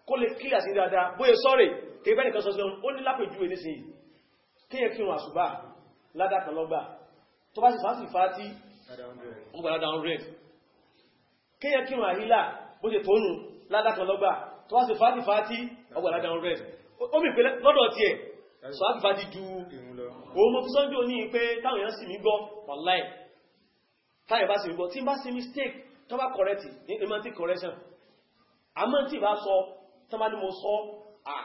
kó lè kílà sí dáadáa bóyẹ sọ́rẹ̀ kẹgbẹ́ nìkan sọ sọ́rọ̀ ó ní lápẹjú ẹni sí kíyẹ kírun àṣùbà ládàkan lọ́gbà tó bá sì fà sí fàátí ọgbàládà 100 kíyẹ kírun àhílà bó ṣe tónù ládàkan lọ́gbà tó bá sì fà sí fàátí ọgbàládà 100 ó mì pé lọ́dọ̀ tiẹ̀ fàátí fàátí ju òun mo fi sọ́jú ní pé táwọn èèyàn sì mí gbọ́ wàláì táyẹ̀ bá sì mí gbọ́ tí mistake tó bá correct ní emantic correction àmọ́ tí bá sọ tán bá ní mo sọ à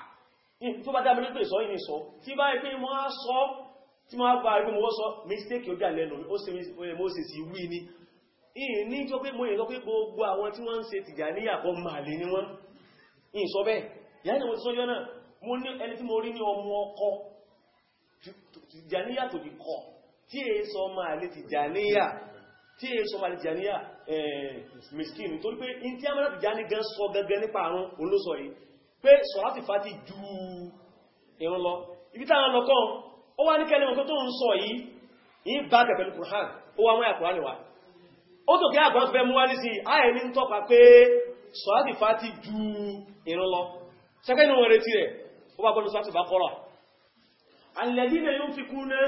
tó bá dábí nípa ìsọ́ ìní sọ tí bá ipé mo á sọ tí mo á bá ipé mo sọ mistake ó dà lẹ́nu ó sì mo sì sí wí ni ìyìn ní tó pé mo yìn sọ pé gbogbo àwọn tí wọ́n ń ṣe mo ti sọ́jọ́ náà mo ní ẹni tí mo rí ní ọmọ ọkọ Tìjàníyà tó di kọ tí èé sọ Eh, miskin torí pé in tí a mọ́lá tìjá ní gan sọ gẹ́gẹ́ nípa àrùn olóso yìí pé sọ̀láti fàtí ju ìrún lọ ibi tára lọ́kọ́ ó wá ní kẹ́lẹ̀ mọ́kọ́ tó ń sọ yìí in bá tẹ̀ pẹ̀lú Kùrán ó wá mọ́yà Kùrán wá ó tó kí àgbọn fẹ́ mú wá ní sí ayẹ̀ ní tọ́pa pé sọ̀láti fàtí ju ìrún lọ sẹ́kẹ́ ní wọn retí rẹ̀ ó bá bọ́nu sọ́tù bá kọ́rọ̀ alladhina yunfikuna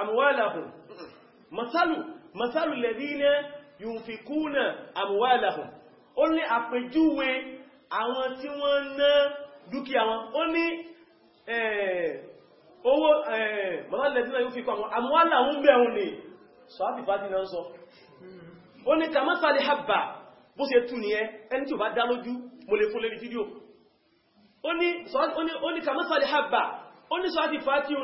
amwalahum matalu masalu lẹ́dínà yunfikuna amwalahum ó ní àpèjúwe àwọn tí wọ́n ná dúkìá wọn ó ní eh, owó eh, masalu lẹ́dínà yunfikuna amwalahum bẹ̀rún ni sọ́ábì fàájì náà sọ ó ní kàmásàlì hàbà bó ṣe tú nìyẹn ẹni tí ò bá dá lójú mo lè fún lórí fídíò ó ní kàmásàlì hàbà ó ní sọ́ábì fàájì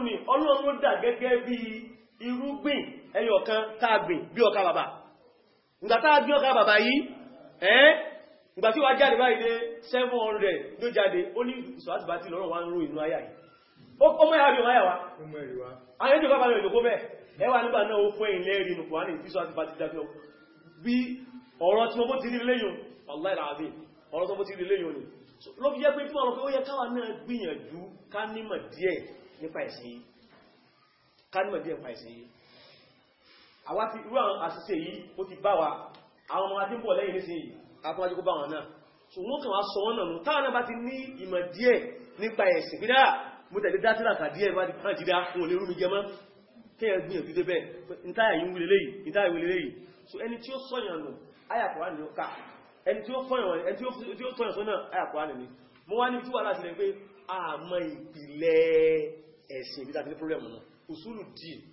ẹyọ kan táàgbìn bí ọkà bàbà ìgbà táàgbìn ọkà bàbà yìí ẹ́ ìgbà tí wà jáde báyìí dé 700 ló jáde ó ní ìsọ̀láti bá ti lọ́rọ̀ wá ń ró inú ayà yìí ó mọ́ ìhàbí ọmọ ayàwá àwọn ẹjọ́ bàbá rẹ̀ ìjọkó bẹ́ẹ̀ ẹwà nígbà náà ó fún ilẹ̀ rí nùkù wánì tí sọ́láti bá ti dájọ́ bí ọ̀rọ̀ tí mo ti rí léyìn ọ̀láìlàábí ọ̀rọ̀ tó mo ti rí léyìn ni ló fi jẹ́ pé fún ọ̀rọ̀ pé ó yẹ káwa náà gbìyànjú ká nímọ̀ díẹ̀ nípa ẹ̀sìn yìí àwa ti irú àwọn àṣìṣe yìí ó ti bá wa àwọn ọmọ adébọ̀ lẹ́yìn nísìnyí àtúnwájú kó bá wọn náà ṣùgbọ́n kan wá sọ wọ́n nànú táwọn náà bá ti ní ìmọ̀ díẹ̀ nípa ẹ̀sìn pínlẹ̀ mo tẹ̀lé dátìlà tàbí bá ti kàn fún olè so ẹni tí ó sọ̀yàn nù ayàkùrá ni ó ká ẹni tí ó tọ̀yàn sọ́nà ayàkùrá ni ni mo wá ní túwà láti rẹ̀ pé àmọ́ ìpìlẹ̀ ẹ̀sìn ìbí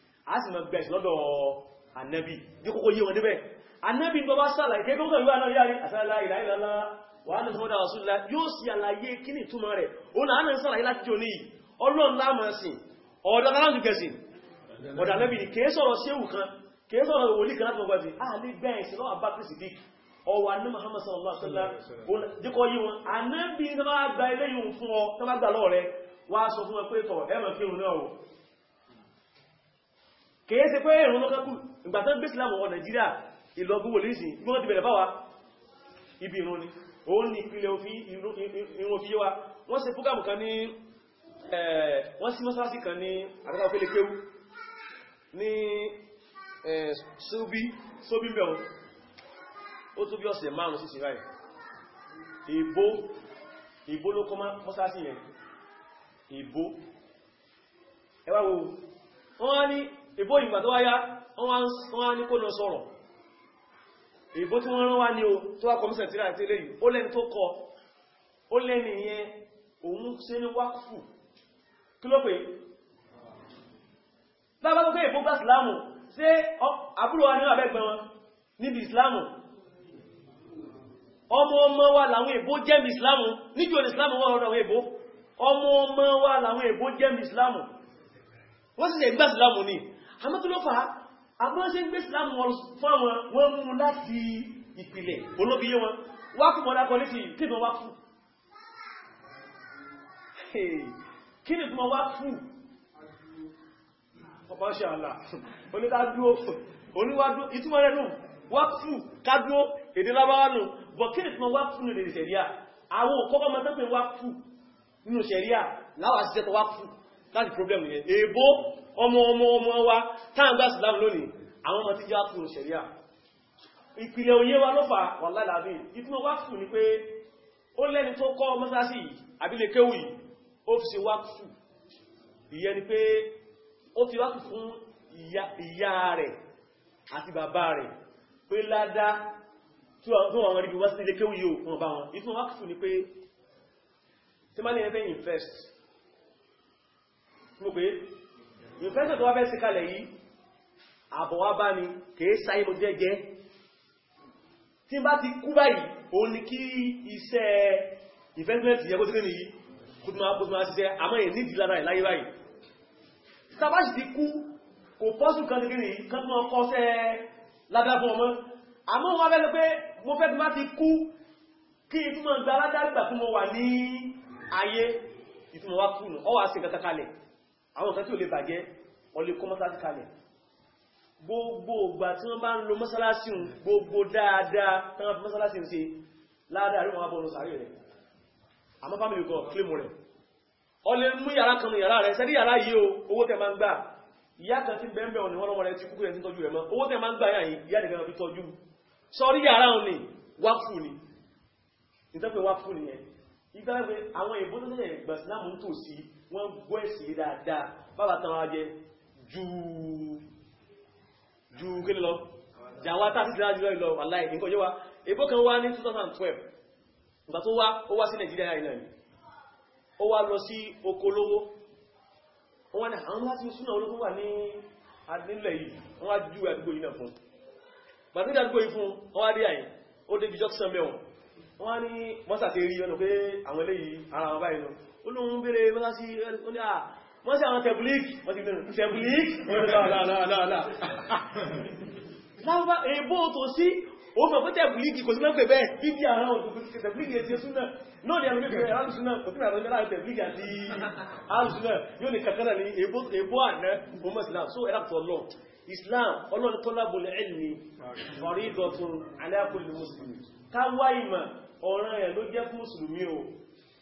a sì mọ̀ gbẹ̀ẹ́sì lọ́dọ̀ annabi bí kókó yí wọn níbẹ̀ annabi tó bá sàlàyé kéèkó tó ìwà náà yára àsàlá ìlàílàlá wà ní sọ́dọ̀ àṣúlá yóò sì àlàyé kí ni túnmọ̀ rẹ̀ ó náà náà sàlàyé láti jò níyì ọlọ́run lámọ̀sìn ọ̀dọ̀ aláǹdùkẹsìn ọ̀dọ̀ annabi ni kèé sọ̀rọ̀ séwù kan kèé sọ̀rọ̀ wòlí kan láti ọgbàjì a lè gbẹ̀ẹ́sì lọ́wọ́ bá kìrìsì bí ọwà ní Muhammad sallallahu alaihi wasallam díkọ yí wọn annabi tó bá gba eléyìí fún ọ tó bá gbà lọ́rẹ̀ wá sọ fún ẹ pé tọ̀ ẹ̀mọ̀ kírun náà kìí ṣe pé ìrùn lọ́kọ́kù ìgbàtán gbé sílámù ọwọ́ nàìjíríà ìlọ́gbówò lẹ́sìn bí wọ́n ti bẹ̀rẹ̀ báwa ibi ìrùn ni ó ní ìpìlẹ̀ ìrùn òfin yíwa wọ́n ṣe púgàmù kan ní wọ́n sí mọ́sálásí kan ní àtàkà òfin lékéwú ní sóbí mẹ́wọ́n ó tó bí ọ̀sẹ̀ márùn wọ́n ní ìbò ìgbà tó wáyá wọ́n á ní kó lọ sọ̀rọ̀ ìbò tí wọ́n rán wá ní o tó wá kọmísẹ̀ tí láti lè yìí ó lẹ́ni tó kọ ó lẹ́ni yẹn òun ṣe ní wákùfù kí ló pé bábá tó pé ìbò bá ìsìlámù ṣe àbúrò wa ní àbẹ́gbẹ̀ wọn níbi ìsìlámù ọmọ ọmọ wa làwọn ìbò jẹ́mi ìsìlámù níjò ìsìlámù wọ́n rọrọ̀ ìbò ọmọ ọmọ wa làwọn ìbò jẹ́mi ìsìlámù wọ́n sì ṣe gbá ìsìlámù ni àmọ́ tó ló fà á àbọ́n ṣe ń gbé ìsìlámù wọn fún àwọn wọn mú láti ìpìlẹ̀ olóbiyé wọn wákù mọ́dá kan nísì kí ni wákù kí ni kuma wákù ọpáṣẹ́ àlà oníkádúó oníwádúó ìtumọ̀ rẹ̀ nù wákù kádúó èdè lábáwá nù bọ̀ kí ni kuma wákù nù lè ṣẹ̀ríà àwọn òkọ́kọ́ mọ́tọ́pẹ̀ wákù nínú ṣẹ̀ríà láwàá ṣiṣẹ́ tó wákù That's the problem yẹn èbó ọmọ ọmọ ọmọ wa táà gbá ìsìlámù lónìí àwọn ọmọ tí jẹ́ ápùn ṣẹ̀ríà ìpìlẹ̀ òye wa ló fà wà lálàábí ìtúnmọ̀ wákùsù ni pé ó lẹ́ni tó kọ́ mọ́sásí àbílẹ̀kéwì ó fi ṣe wákùsù ìyẹn ni pé ó fi wákùsù fún ìyá rẹ̀ àti bàbá rẹ̀ pé ládá tí wọ́n rí bí wọ́n sí ilé kéwì yóò fún ọba wọn ìtúnmọ̀ wákùsù ni pé tí má invest mo pé ìfẹ́sẹ̀ tó wá fẹ́ sí kalẹ̀ yìí àbọ̀wá bá ní kèé sáyé mo jẹ́jẹ́ tí bá ti kú báyìí ó ní kí iṣẹ́ ìfẹ́sẹ̀mẹ́tì yẹ kó tí nìyí kó tí máa kó tí máa ṣiṣẹ́ àmọ́ èyí nídìí lára ẹ̀ láyé báyìí tàbáṣì ti kú kò pọ́sù kan nìkí nìyí kan ìtumọ̀ wá kú ọwà sí nǹkan àwọn kan tí ò lè bàjẹ́ ọlẹ́ kọ́ mọ́sálásí kalẹ̀ gbogbo ìgbà tí wọ́n bá ń lo mọ́sálásí ń gbogbo dáadáa tán wọ́n fi mọ́sálásí ń ṣe ládàá rí wọn bọ́ ọ̀run sàárè rẹ̀ àmọ́ fámìlì kan kílèmù rẹ̀ ọlẹ́ mú yàrá kan yàrá rẹ̀ sẹ́dí yàrá yìí o owó tẹ̀ máa ń gbà ìyá kan tí bẹ́ẹ̀ ọ̀nà wọn lọ́wọ́ rẹ̀ ti kúkú rẹ̀ ti tọ́jú rẹ̀ mọ́ owó tẹ̀ máa ń gbà yà yìí ìyá nìkan fi tọ́jú sọrí yàrá òun ni wákùú ni nítorí wákùú nìyẹn ìgbàgbé àwọn èbó tó tẹ̀lé ìgbà sílámù ń tò sí wọ́n gbọ́ ẹ̀sìn yìí dáadáa bàbá tán jẹ ju ju kí lọ jàwá tàbí dájú lọ wàláì nǹkan yóò wá ebó kan wá ní 2012 ìgbà tó wá ó wá sí nàìjíríà yìí náà ni ó wá lọ sí oko lówó wọ́n ní àwọn láti súnà olóko wà ní adílẹ̀ yìí wọ́n wá ju àdúgbò yìí náà fún gbàgbé àdúgbò yìí olóhun bèèrè mọ́lá sí wọ́n sí àwọn tẹ̀bùlíkì wọ́n ti bèèrè tẹ̀bùlíkì láàbá èbó tó sí o mọ̀ pé tẹ̀bùlíkì kò sí mẹ́kẹ̀ẹ́ bẹ́ẹ̀ bíbí àwọn tẹ̀bùlíkì èsì súnà náà ni àwọn mẹ́kẹ̀ẹ́ alùsúnà kò tíra àwọn mẹ́kẹ̀ẹ́ tẹ̀bùlíkì àti alùsúnà yóò ní kàkàrà ní islam so ẹ̀rà tó lọ islam ọlọ́ni tó lábòlẹ̀ ẹ̀lì faridotun ala kulli muslim káwàá ìmọ̀ ọ̀ràn ẹ̀ ló jẹ́ fún mùsùlùmí o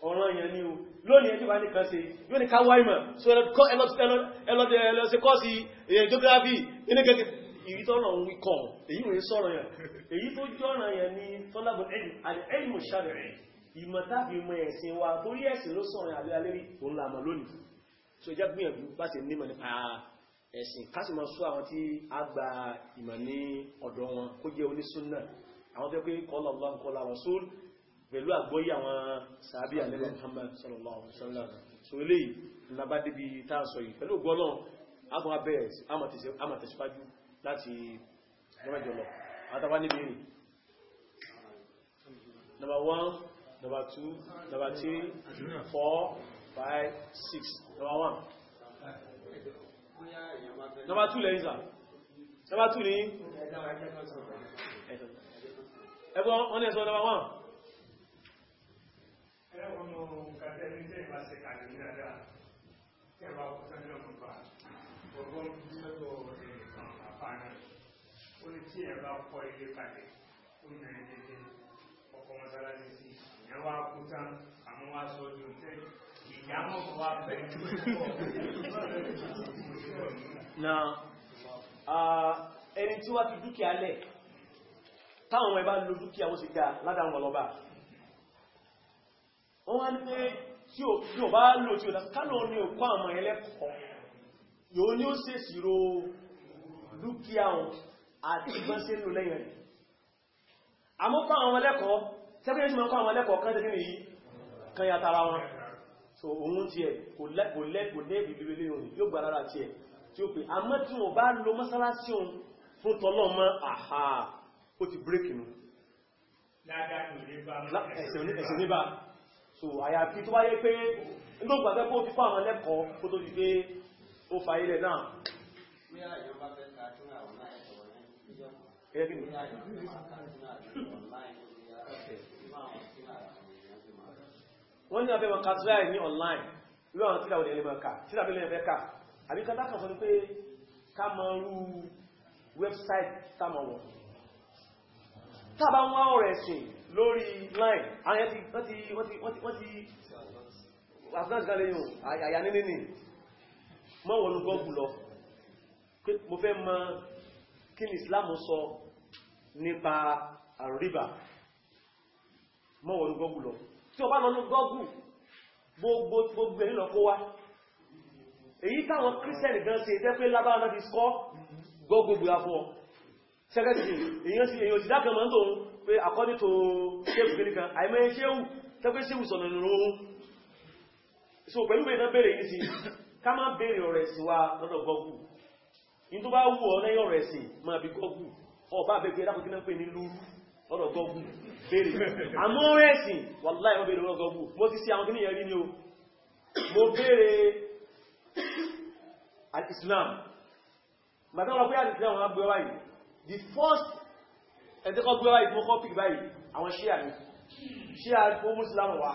ọ̀ràn yẹn ni o lónìí ẹjú bá ní kan ṣe yóò ní ká wá ìmọ̀ so ẹlọ́dẹ̀ kọ́sí eh, geography inúkẹ́kẹ́ èyí tó ràn wí kàn èyí wòye sọ́rọ̀ yẹn èyí tó jọ́ràn yẹn ni tọ́lábùn ẹ̀lìmù ṣàrẹ̀ ìmọ̀ tàbí ìmọ̀ ẹ̀sìn wa tó rí ẹ̀sìn ló sọ̀rọ̀ àbí alérí tó ń lamọ̀ lónìí so jẹ́ gbìyànjú bá ṣe nímọ̀ nípa ẹ̀sìn káṣì máa sọ àwọn tí a gba ìmọ̀ ní ọ̀dọ̀ wọn kó jẹ́ onísúnnà àwọn tó pé kọ́lọ̀ lọ́nkọ́lọ̀ àwọn sóòlù pẹ̀lú àgbóyí àwọn sàábí àlẹ́lẹ̀ Muhammad sallallahu alaihi wasallam so ilé ìlàbá débi tààsọ yìí pẹ̀lú gbọ́nà agbọn abẹ́ẹ̀s amàtẹ̀síwájú láti mẹ́jọlọ àtàwà níbi rí number one number two number three four five six number one number two lẹ́yìn sà number two ní ẹgbọ́n wọ́n ní ẹ̀sọ́ number one ẹ̀wọ̀n mọ̀ kàtẹ́ ní tẹ́ ìbá ṣe kàlẹ̀ ní dáadáa kẹwàá ọ̀pọ̀tẹ́ ní ọmọ bá ọgbọ́n lọ́dọ̀ ẹ̀ẹ̀kan àpáàrẹ ó ní tí ẹ̀ bá kọ́ ilé kalẹ̀ ó ní ẹ̀ẹ́dẹ́dẹ́ ọkọ̀ mọ́sálásí sí ìyẹn wá kú tán àmọ́ wá sọ ojú tẹ́ ìyá mọ̀ kọ́ wá bẹ̀ ẹni tí wá fi dúkìá lẹ̀ táwọn ẹ bá lo dúkìá ó sì dá ládàá ń wọ̀ lọ́ba wọ́n wá ní pé tí ò bá lò tí ò dá kánà ní òkú àwọn ẹlẹ́kọ̀ọ́ yóò ní ó ṣe ìṣirò dúkìá wọn àti ìbọn sí lò lẹ́yìn rẹ̀ àmọ́kọ́ àwọn ẹlẹ́kọ̀ọ́ tẹ́gbẹ́ tí mọ́kọ́ àwọn ẹlẹ́kọ̀ọ́ kan tẹ́gbẹ́ yìí kan ya tara wọn so òun ti ẹ̀ kò lẹ́gbò lẹ́bì lílé òun yóò gbà lára ti ẹ̀ tí ó pè àmọ́ tí wọ́n bá lo mọ́sálásí òun fún tọ́lọ́mọ́ àhà ó ti bírèkì nù ẹ̀sẹ̀ oníbà so àyàfi tó bá yẹ pé nígbàgbà pẹ́ kó fi kọ́ àwọn lẹ́kọ̀ọ́ kó tó di pé ó fa ilẹ̀ náà wọ́n ní abẹ́wọn kàtíra ẹ̀ ní online ìwé àwọn tíra òdẹ̀ ẹlẹ́mọ̀ ká tíra bí lẹ́yìn mẹ́ka àbí kátà kan fún pé ká mọ rú wẹ́bsáìtì támọ̀wọ̀ tàbá wọ́n ọ̀rẹ̀ ẹ̀sìn lórí line ayẹ́ ti wọ́n ti wọ́n ti ti, advance gan lẹ́yìn àyà nílé ní mọ́wọ̀lú gọ́ọ̀gù lọ mo fẹ́ mọ̀ kí ni Islam sọ nípa àríbà mọ́wọ̀lú gọ́ọ̀gù lọ tí ó bá lọ́nú gọ́ọ̀gù gbogbo ẹ̀yìn lọ kó wá èyí táwọn kírísẹ̀nì gan ṣe jẹ́ pé lábára náà ti sọ gbogbo ìgbà fún ọ sẹ́kẹ́sì èyàn sí èyàn òsìdá kan mọ́ ń tóun pé according to ṣéwù kìrì kan àìmẹ́ ṣéwù tẹ́gbẹ́ ṣéwù sọ̀nà nìrún so pẹ̀lú pé náà bèèrè yìí ká má bèèrè ọ̀rẹ̀ sí wa lọ́dọ̀ gọ́gù in tó bá wù ọ lẹ́yìn ọ̀rẹ̀ sí ma bí gọ́gù ọba bẹ̀bẹ̀ lápòkí náà pè ní lúrú lọ́dọ̀ gọ́gù bèèrè àmọ́ ọ̀rẹ̀ sí wàláì wọ́n bèèrè lọ́dọ̀ gọ́gù mo ti sí àwọn kìnìyàn rí ni o mo bèèrè al-Islam màtí wọ́n lọ pé al-Islam wọn gbé wáyìí the first ẹ̀tí kọ́ gbé wáyé fún kọ́pì báyìí àwọn ṣíà ní ṣíà fún mùsùlámù wa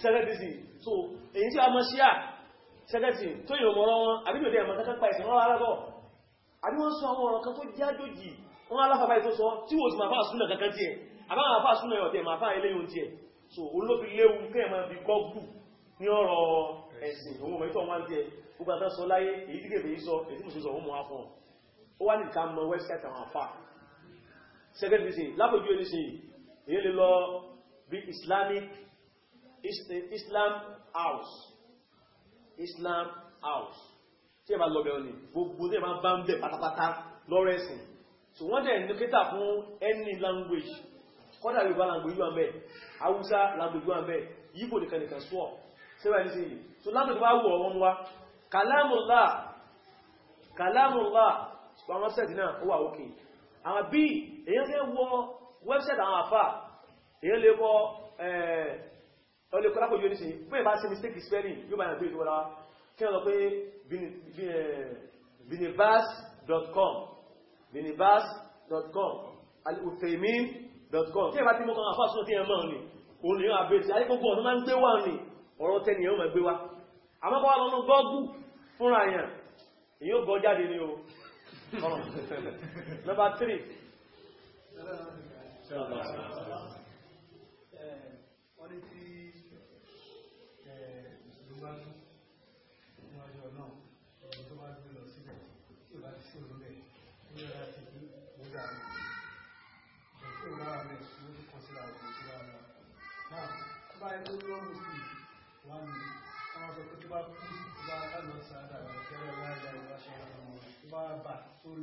ṣẹ́gẹ́dìsì so èyí tí a mọ́ ṣíà ṣẹ́gẹ́dìsì tó yìí mọ́ wọn àbíjòdì ẹ̀mọ́ kankan pa ìsìn wọn alágọ́ àbí wọ́n sọ àwọn ọ̀rọ̀ kan tó jájòjì wọn aláfàbá ètò sọ tí wò sí màá fáà súnà kankan tiẹ̀ àbáwọn àfáà súnà yọ̀ tiẹ̀ màá fáà eléyìí tiẹ̀ so olóbi léwu kẹ́ẹ̀ máa fi gọ́gù ní ọ̀rọ̀ ẹ̀sìn òun mọ̀ ìtọ̀ wọn tiẹ̀ gbogbo àtàsọ láyé èyí tí kèfèé sọ èyí tí mùsùlùmí sọ òun mọ̀ á fún ọ ó wá nìkan mọ wẹ́bsáìtì àwọn àfáà second reason lápòjú ẹni sí èyí lè lọ bí islamic islam house islam house tí ẹ bá lọ bẹ̀rẹ̀ ní gbogbo tí ẹ bá bá ń bẹ̀ pátápátá lọ́rọ̀ ẹ̀sìn so wọ́n dẹ̀ nílòkétà fún any language kọ́dà Yorùbá language wà mẹ́ Haúsá language wà mẹ́ Yíbò nìkan nìkan sọ́ sẹ́wà ní sí so language wá wù ọ̀wọ́n wá kalamullah kalamullah so àwọn sẹ́dì náà ó wà okay." àbí èyàn fẹ́ wọ wẹ́bṣẹ̀tì àwọn àfà èyàn lè wọ ọlẹ́ kọ́lápọ̀ yóò nísìn fún ìbá sí mistake spelling yóò bá yàn gbé ìwọ́ra kí wọ́n pé binibas.com eh, binibas.com alufemin.com kí ìbá tí mọ́ kan àfà sún tí ẹ mọ́ ni olùyàn àbẹ̀tì ayíkókò ọ̀nà máa ń gbé wà ní ọ̀rọ̀ tẹ́ni ẹ̀ number three. wọ́n ní tí ìṣòro bá ní ọjọ́ náà ọ̀rọ̀ tó bá gbé lọ sílẹ̀ tí ó bá ti sí olóbẹ̀ ní ọ̀rọ̀ àti ìlú ọjà rẹ̀ ọ̀rọ̀ tó bá wà ní ìṣòro tó kọ́ sílẹ̀ àwọn ìṣòro àwọn náà tó bá yẹ tó lọ́rùn bàbà orí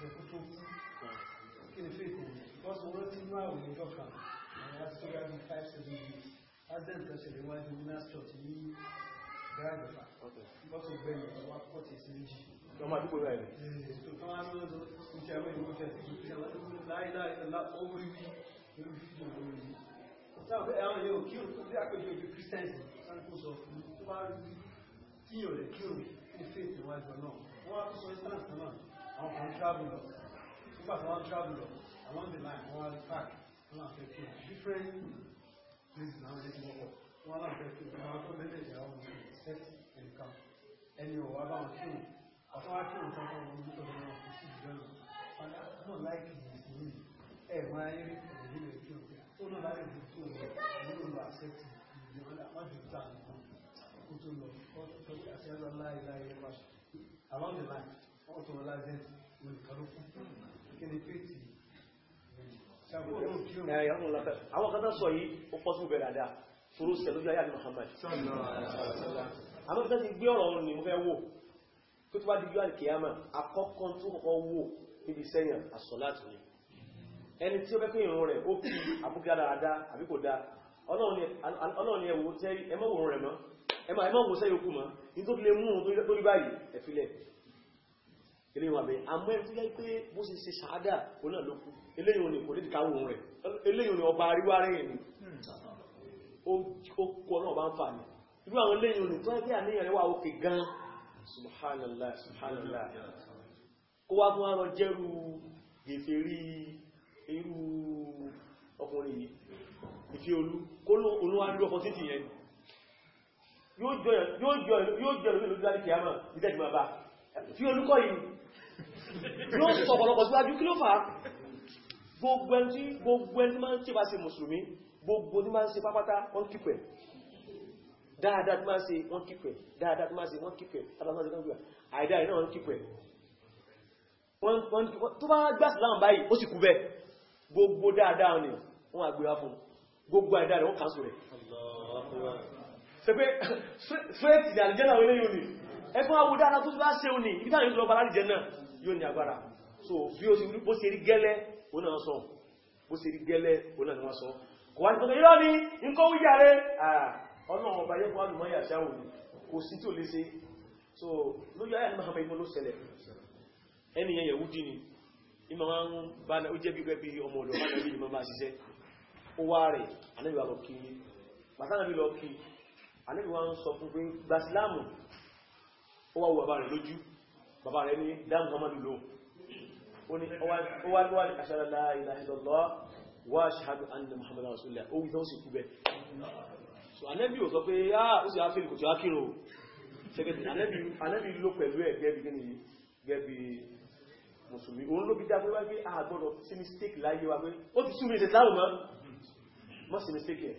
ìjọkú tó kú kí ni fèkò wọ́n sọ wọ́n tí ní àwọn ìjọ kan àwọn asọ́rọ̀ àti five seven years azẹ́n tó ṣẹlẹ̀ wájú nasdaq ní gbàgbà wọ́n tó gbẹ̀yìn àwọn akọ́tì sí méjì. ọmọ àdúgbò rẹ̀ rẹ̀. tó tán á ní ọdún iṣẹ́ àwọn ìlú fẹ́ sí ìṣẹ́ láìláì ẹ̀lá orí lórí fídíò lórí yìí. sáwọn ẹ̀hán yóò kí o tó bí àpéjọ ìbí kírísítẹ́ǹsì sáńkó sọ fún tó bá rí kí o rẹ̀ kí o ní fèètì wájú náà wọ́n tó sọ instance náà àwọn kan travel lọ nígbà tí wọ́n travel lọ along the line wọ́n wá rí park wọ́n náà fẹ́ kí wọn different places náà lè ti wọ́pọ̀ wọ́n náà fẹ́ kí wọn tó lé lẹ́yìn àwọn ọmọ set and come ẹni ọ̀wọ́ abáwọn kí wọn ọ̀tọ́ wá kí wọn tó kọ́ wọn ní ọdún náà kò sí ìjọ náà wọn náà láìkì ìsinmi ẹ̀ wọ́n ayé rí ìròyìn rẹ̀ kí wọn ó náà láìkì ìsinmi rẹ̀ wọ́n ló lọ àṣẹ́tì ìjọba má fi ta nǹkan kó tó lọ kó tó àṣẹ lọ láìláì rẹ̀ wáṣọ around the line wọ́n tó wọ́n láti wọ́n kàró fún ìkéde péjì àwọn kan tán sọ yìí ó pọ́ sí bẹ̀rẹ̀ àdá fúrú sẹ̀ lójú ayá ní Muhammad àwọn kan ti gbé ọ̀rọ̀ ọ̀rùn ni mo fẹ́ wò tó tó bá di yóò alìkìyàmà àkọ́kọ́ tó kọ́kọ́ wò níbi sẹ́yìn àsọ̀látù ni ẹni tí ó fẹ́ pé ìrún rẹ̀ ó kí àbúgá dáadáa àbí kò ẹmà ẹmọ́ òun sẹ́yìn okùn ma ní tó lè mú un tó rí báyìí ẹ̀fílẹ̀ eléyìn wà bẹ́ àmọ́ ẹni tó yá pé bó ṣe ṣe ṣàádà oná ló kú eléyìn ni kò lè dìka ohun rẹ̀ eléyìn ni ọba àríwá rẹ̀ ni hmm. ó kọ́ náà bá ń fà ní irú àwọn eléyìn ni tó yẹ pé àníyàn gan subhanallah subhanallah kó wá fún àwọn jẹ́rù gèfè rí irú ọkùnrin yìí ìfi olú kó ló olúwa lú ọkọ̀ títì yẹn yóò jọ ìlú lójú láti kìyàmà ìdẹ́jì máa bá fi olúkọ́ yìí yóò sọ ọ̀pọ̀lọpọ̀ síwájú kí ló fà gbogbo ẹni tí máa ń tí bá ṣe mùsùlùmí gbogbo ní máa ń ṣe pápátá wọ́n kípẹ̀ dáadáa tí máa ṣe wọ́n kípẹ̀ dáadáa tí máa ṣe wọ́n kípẹ̀ àìdá ìná wọ́n kípẹ̀ tó bá gbáṣì láwọn báyìí ó sì kú bẹ́ gbogbo dáadáa ni wọ́n àgbéwá fún gbogbo àìdá rẹ̀ wọ́n kà ṣe pé straight ìyàlìjẹ́ náà wọlé yóò ní ẹgbọ́n àwòdá ara tó bá ṣe ò ní ìgbà yóò lọ bàlá ìjẹ́ náà yóò ní agbára so bí ó ti bó ṣe rí gẹ́lẹ́ òun náà sọ bó ṣe rí gẹ́lẹ́ òun náà ni wọ́n sọ kò wá ní pẹ̀lú yọ́ ní nǹkan wíjà rẹ̀ ọlọ́run ọba yẹ́kọ́ àlùmọ́ yàṣà ò ní kò sí tí ò lè ṣe so lójú ayé àlùmọ́ àbẹ̀yìn ló ṣẹlẹ̀ ẹnìyẹn yẹ̀wú dí ni ìmọ̀ máa ń bá ó jẹ́ bí gẹ́gẹ́ bí ọmọ ọ̀dọ̀ bá náà lọ kí àníbí wọ́n sọ fún pé gbasilamu ó wà wà bá rẹ̀ lójú bàbá rẹ̀ ní dáàmù muhammadu ló ó ní ọwá ní ashhadu la rasulullah ó wíjọ́ sí kúbẹ̀ so àníbí ò sọ pé ah ó sì á fèlì kò tí á kírò sẹ́gẹ̀tì àníbí ló pẹ̀lú ẹ̀ gẹ́bí mùsùlùmí òun ló bí dá pé wá pé àgbọ́dọ̀ sí mistake láyé ó ti sí mistake yẹn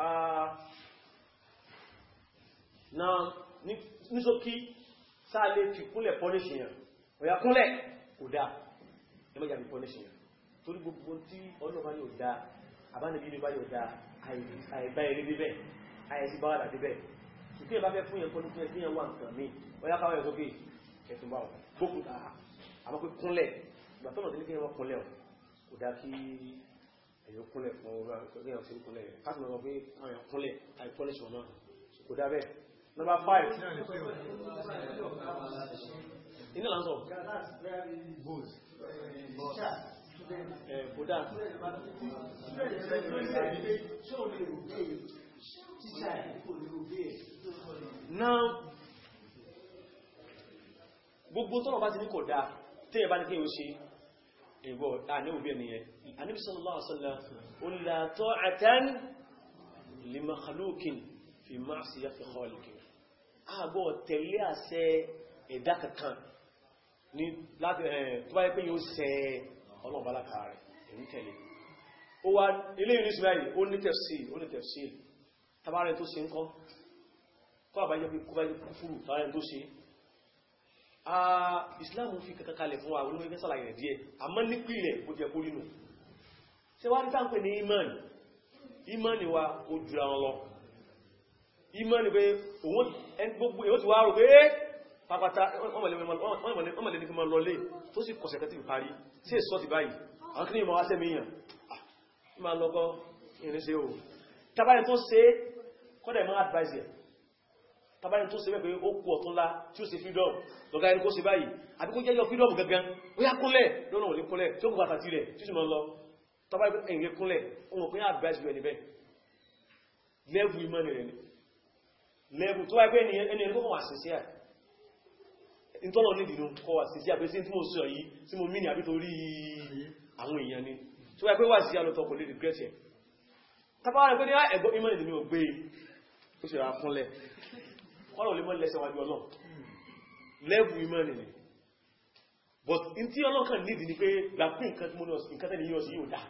Ah, na ní ṣókí sáà lè fi kúnlẹ̀ pọ́níṣì yàn ọ̀yà kúnlẹ̀ kò dá ẹmọ́jà fi pọ́níṣì yàn torí gbogbo tí ọlọ́bá yóò dá àbánibí ní bá yóò dá àìbá eré bíbẹ̀ àìsí bá wàdà bíbẹ̀ ìpé ìbá fẹ́ fún yẹn pọ́níṣì yẹn kíyàn wà nǹkan mi ọ̀yà káwọ́ ẹ̀ sókè ẹ̀tùnbá ọ̀ gbókùtà àmọ́ pé kúnlẹ̀ ìgbà tọ́nà èèyàn kúnlẹ̀ fún ọmọ ẹgbẹ́ ọ̀sẹ̀ kúnlẹ̀ yẹn káàkiri ọmọ pé àwọn èèyàn kúnlẹ̀ àìpọ́lẹ̀ṣọ̀ náà kò dá bẹ́ẹ̀ nọ́mbà five iná là ń sọ bódà náà gbogbo tọ́rọ̀ bá ti ní kò dáa tẹ́ẹ̀ bá ní kí o ṣe ìgbọ́ àníwòbí ẹniyẹ Ànábì sallallahu alaihi wasallam ó la ta'atan li makhluqin fi ma'siyati khaliqin àgbọ́ tẹ̀lé àṣẹ ẹ̀dá kankan ní láti ẹ̀ tó bá yẹ pé yóò sẹ ọlọ́ọ̀bálákà rẹ̀ èyí tẹ̀lé ó wá ilé ìrísìláyì ó ní tafsil ó ní tafsil tabarẹ islam fi kankan kalẹ̀ fún wa olóògbé mẹ́sàlá ìrìn díẹ̀ àmọ́ nípìnlẹ̀ kò jẹ kórí nù ṣe wá ní sáńpẹ̀ ní imani imani wa ó jùra wọn lọ imani pé òun gbogbo èyí ó ti wá rò pé pàpàtà ọmọlẹ̀ ní kí mọ́ lọlé tó sì kọ̀sẹ̀ kẹtì parí sí èso ti báyìí àwọn ah, kí ní ìmọ̀ wáṣẹ́ mìíyàn máa lọ́kọ́ ìrìnṣẹ́ o tàbáyẹ tó ṣe kọ́dẹ̀ mọ́ advisor tàbáyé tó ṣe mẹ́pẹ̀ ó kú ọ̀túnlá tí ó ṣe freedom lọ́gá ẹni kó ṣe báyìí àbí kó jẹ́jọ́ freedom gangan ó yá kúnlẹ̀ lọ́nà òlé kúnlẹ̀ tí ó kú bàtà tirẹ̀ tí sì mọ́ lọ tàbáyé ẹ̀yìn lé kúnlẹ̀ ohun òpin àbẹ́sì rẹ̀ níbẹ̀ lẹ́bù ìmọ̀ ni lẹ́bù tó wáyé pé ẹni ẹni kó wà sí sí à ìtọ́nà ní ìdìnnú kọ wà sí sí àbẹ́sí tí mo sọ yìí tí mo mìíní àbí torí àwọn ah, e. ó sì rà kúnlẹ̀ ọ̀rọ̀ lè mọ́ lẹ́sẹ̀ wájú ọlọ́run lẹ́bù ìmọ̀ nìyí but in tí ọlọ́run kan nídìí ni pé gbàgbé nǹkan tí mo ní ọ̀sìn nǹkan tẹ́lẹ̀ yíyọ sí yóò dá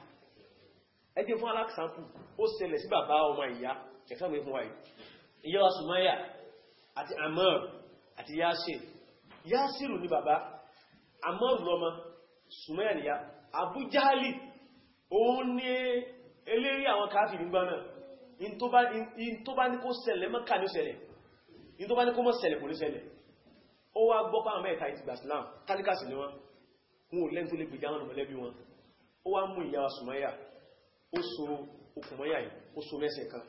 ẹ jẹ́ fún alákìsànkù ó ṣẹlẹ̀ sí bàbá ọmọ ìyá ẹ̀kàwé fún wa yìí ìyá Sùmáyà àti Amar àti Yasir Yasiru ni bàbá Amar lọ́mọ Sùmáyà nìyá Abu Jahali òun ni eléri àwọn káàfì nígbà náà in tó bá ní kó ṣẹlẹ̀ mọ́kà ní ó ṣẹlẹ̀ ní tó bá ní kó mọ́ ṣẹlẹ̀ kò ní ṣẹlẹ̀ ó wá gbọ́ pàmọ́ mẹ́ta ìtìgbà Islam kálíkàsì ni wọ́n wọn lẹ́n tó lè gbèjà wọn mọ̀lẹ́bí wọn ó wá mú ìyá wa Sùmáyà ó so okùnmọ́yà yìí ó so mẹ́sẹ̀ kan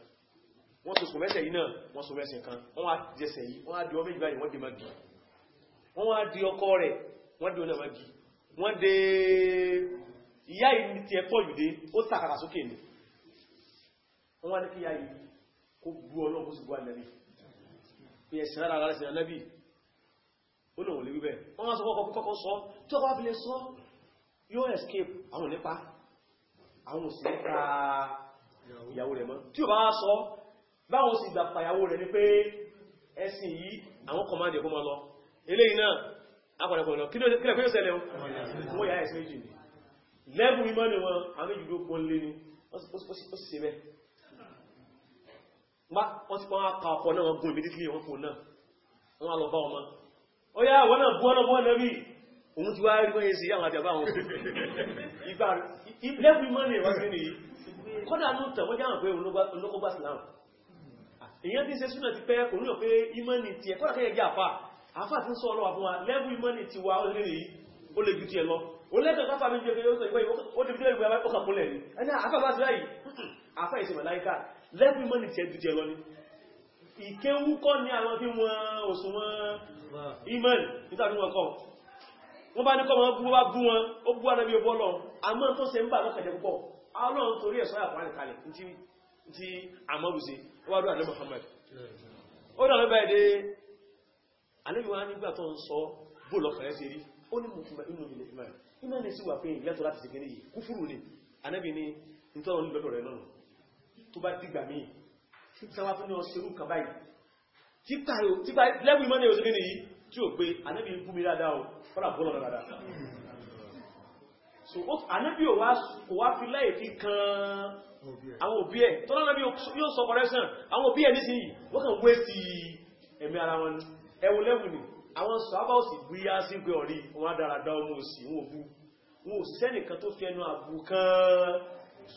wọ́n so mẹ́sẹ̀ yìí náà wọ́n so mẹ́sẹ̀ kan wọ́n wá jẹsẹ̀ yìí wọ́n á di ọmọ ìgbà yìí wọ́n di magi wọ́n wá di ọkọ rẹ̀ wọ́n di ọ̀nà magi wọ́n dé ìyá yìí ti ni kó gbú ọlọ́run kó pé ẹ̀sìn rárá rárá sí ànábì ó lòun lè wíbẹ̀ wọ́n máa sọ kọ́kọ́ kọ́kọ́ sọ tí ọkọ̀ fi lè sọ yóò escape àwọn nípa àwọn òsì nípa ìyàwó rẹ̀ mọ́ tí ó bá sọ báwọn sì gbà pàyàwó rẹ̀ ní pé ẹ̀sìn yìí àwọn kọmáàdì ẹ̀kọ́ máa lọ eléyìí náà akọ̀dẹ̀kọ̀ lọ kí lẹ́kọ́ yóò ṣẹlẹ̀ wọ́n yà ẹ̀sìn méjì ni lẹ́bùn mímọ́ ni wọn àwọn méjì ló pọ́n lé ni ó sì ṣe bẹ́ẹ̀ wọ́n ti pọ́n apá ọkọ̀ náà gún ibi títí wọn fò náà wọ́n lọ bá ọmọ ó yá wọ́n náà bú ọ́nà bọ́ọ̀nà rí òun ti wá rí wọ́n yé sí àwọn àjàbá wọn ìgbà lẹ́bù mọ́nì wọ́n sí nìyí kọ́dà ló tẹ̀ wọ́n jáwọn pé olókógbà Islam èyàn ti ṣe súnà ti pẹ́ kò nílò pé ìmọ́nì ti ẹ̀ kọ́dà kẹ́yẹ jẹ́ àfà àfà ti ń sọ ọlọ́wà fún wa lẹ́bù ìmọ́nì ti wa ó lè nìyí ó lè ju ti lẹ́bí mọ́nì tí ẹjú jẹ lọ ní ìkéwú kọ́ ní àwọn tí wọ́n òṣùwọ́n imel nítàbí wọn kọ́ wọ́n bá ní kọ́ wọn bú wá bú wọn ó bú ànábí ọbọ́ lọ àmọ́ tó ṣe ń bà lọ́kẹ̀ẹ́ púpọ̀ ọlọ́run torí ẹ̀sọ́ àpárí kalẹ̀ tí àmọ́bùsí wọ́n dúrà ní Muhammad ó dà lọ́bàá èdè ànábí wọn nígbà tó ń sọ bó lọ́kẹ̀ẹ́ sí rí ó ní mùtùmá inú ilẹ̀ ìmáà ìmáà ní sí wà pé ìyàtọ̀ láti ṣe kéré yìí kúfúrú ni ànábí ni nítorí lọ́dọ̀ rẹ̀ lọ́rùn tó bá dìgbà míì sáwá fún ní ọ̀sẹ̀rú kan báyìí títà lẹ́gbì mọ́ ní oṣù gẹ́nì yìí tí ó gbé anábì ń bú mi dáadáa o fọ́nà bọ́lọ̀ dáadáa correction àwọn òbí ẹ̀ nísìnyí wọ́n kàn wé sí ẹ̀mí ara wọn ẹwù lẹ́wù ni àwọn sọ́ábà ò sì gbíyá sí pé ọ̀rí wọn dáradá sẹ́nìkan tó fi ẹnu àbù kan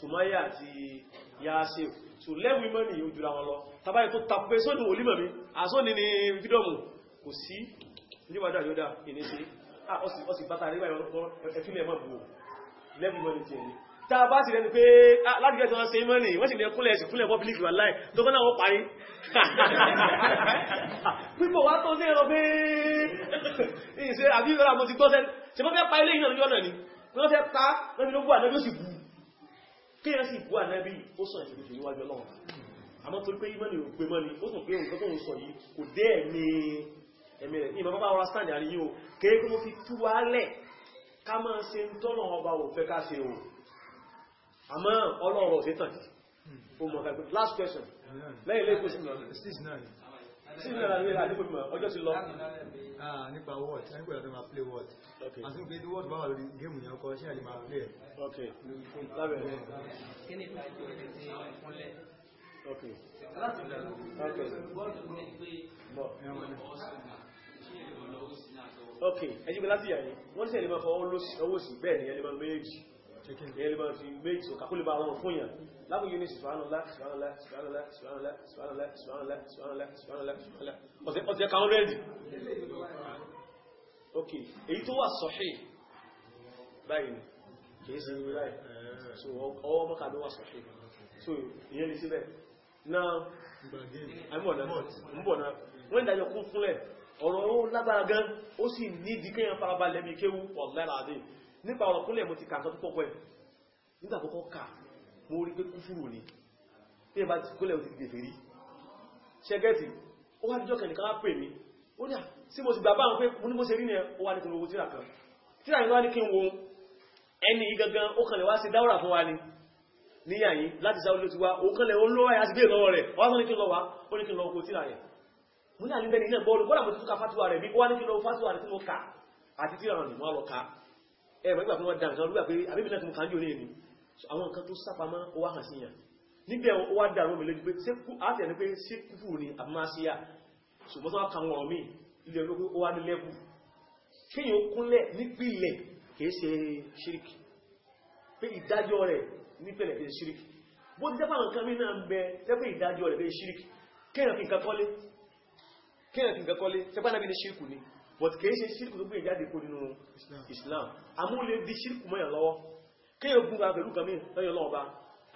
sùmáyà àti yáṣẹ́ so lẹ́wì mọ́ ni yóò jùra wọn lọ tàbáyé tó tapẹ́ sódùn olímọ̀ mi àṣọ́ ni ni fídọ́mù kò sí níwájá yóòdá ìníṣe ọ̀sì ah, bátà rí ẹ̀fílẹ̀ mọ́ bú lẹ́wì mọ́ ni ti ẹni tá a bá sì rẹni pé ah, láti gẹ́gẹ́ wọn ṣe mọ́ ni wọ́n sì ní ẹkúnlẹ̀ ẹ̀sì fúnlẹ̀ public wà láì tó kọ́ náà parí pípọ̀ wá tó ní ẹran pé ìṣe àbí ìrọ̀lá mo ti gbọ́sẹ̀ ṣe mọ́ fẹ́ pa ilé ìnáwó yọ́nà ni wọ́n fẹ́ pa lọ́bí ló bú àdọ́bí ó sì bú kí ẹ sì bú ànábì ó sàn ìṣòro jù níwájú ọlọ́run àmọ́ torí pé ìmọ̀ ni ò gbé mọ́ni ó sùn pé nǹkan tó ń sọ yìí kò dé ẹ̀mí ẹ̀mí rẹ̀ ní ìmọ̀ bá wọ́n sáàdì àríyìn o kéé kó fi tú wá lẹ̀ ká máa ṣe ń tọ́nà ọba ò fẹ́ ká ṣe o àmọ́ ọlọ́run ọ̀sẹ̀ tàn hmm. ó mọ̀ ká last question lẹ́yìn lẹ́kọ̀ọ́ sí sí ìlú ẹ̀rọ ìlú àdúgbò mọ̀ ọjọ́ ti lọ. nípa word nípa ìlú máa play word àti nípa ìlú word báwà lórí géèmù yẹn ọkọ ṣé àlè máa play ẹ̀. ok lábẹ́ rẹ̀. kí ni ìdájọ́ ẹni tí wọ́n fúnlẹ̀? ok láti bẹ̀rẹ̀ ok bọ́ọ̀lù ní pé ọ̀sùn ok ẹ̀yìn mi láti yà yín wọ́n ní sẹ́yìn lè máa fọ owó sí bẹ́ẹ̀ ni ẹ lè máa méjì ẹ̀rìbọn fi méjì sọ kàkúlù bá wọn fún yàn lábúyé ní ṣùfàánàlá ṣùfàánàlá ṣùfàánàlá ṣùfàánàlá ṣùfàánàlá ṣùfàánàlá ṣùfàánàlá ṣùfàánàlá ṣùfàánàlá ọ̀sẹ̀ kan rẹ̀dì ok èyí tó wà sọ̀ṣẹ́ báyìí kìí sí ìwé láì so ọwọ́ mọ́ka ló wà sọ̀ṣẹ́ so ìyẹn ni síbẹ̀ náà àmúbọ̀nà wọ́n ìdájọ́ kún fúnlẹ̀ ọ̀rọ̀ ó lágbára gan ó sì nídìí kéèyàn farabalẹ̀ bí kéwú ọ̀gbẹ́ràdé nípa ọ̀rọ̀ kúnlẹ̀ mo ti kà sọ́tún pọ̀pọ̀ ẹ̀ nígbà kọ́kọ́ kà mo rí pé kúfúrù ni tí ẹ bá ti kúnlẹ̀ ti gẹ̀fẹ̀ rí ṣẹgẹ́tì ó wá díjọ́ kẹ̀lẹ̀ káwà pè mí ó dà sí mo sì gbà bá wọn pé mo ní mo ṣe rí ni ó wá ní kí n wo tíra kan tíra yìí wá ní kí n wo ẹni gangan ó kànlẹ̀ wá sí ni níyà yìí láti sáwọ́ ló ti wá ó kànlẹ̀ ó lọ́wọ́ àti gbé lọ́wọ́ rẹ̀ wá tó ní kí n lọ wá ó ní kí n lọ wo tíra yẹn mo ní àlébẹ́ni náà bọ́ọ̀lù bọ́ọ̀lù mo ti túká fátúwà rẹ̀ bí ó wá tí mo ẹ̀mọ̀ nígbà fún wọn dà nǹkan lúgbà pé àbíbìnà tí mo kàn jò ní èdè àwọn nǹkan tó sápamọ́ ó wá hàn síyàn níbẹ̀ ó wá dàrú mi lójú pé àtẹ̀ ní pé sí kúfù ni àmáṣíyà ṣùgbọ́n tó wá kan wọ̀n mí ilẹ̀ ológun ó wá ní lẹ́kù kíyàn kúnlẹ̀ nípìlẹ̀ kìí ṣe ṣíríkì pé ìdájọ́ rẹ̀ nípìlẹ̀ kìí ṣe ṣíríkì bó jẹ́ bá nǹkan mí náà ń bẹ tẹ́pẹ́ ìdájọ́ rẹ̀ kìí ṣíríkì kíyàn fi nǹkan kọ́lé kíyàn fi nǹkan kọ́lé tẹ́pẹ́ náà bí ní ṣíríkù ni but kìí ṣe ṣírkù tó gbé ìjáde kó nínú islam amúlé di ṣírkù mọ́yàn lọ́wọ́ kéyàn gún ga pẹ̀lú gami lọ́yàn lọ́ọ̀bá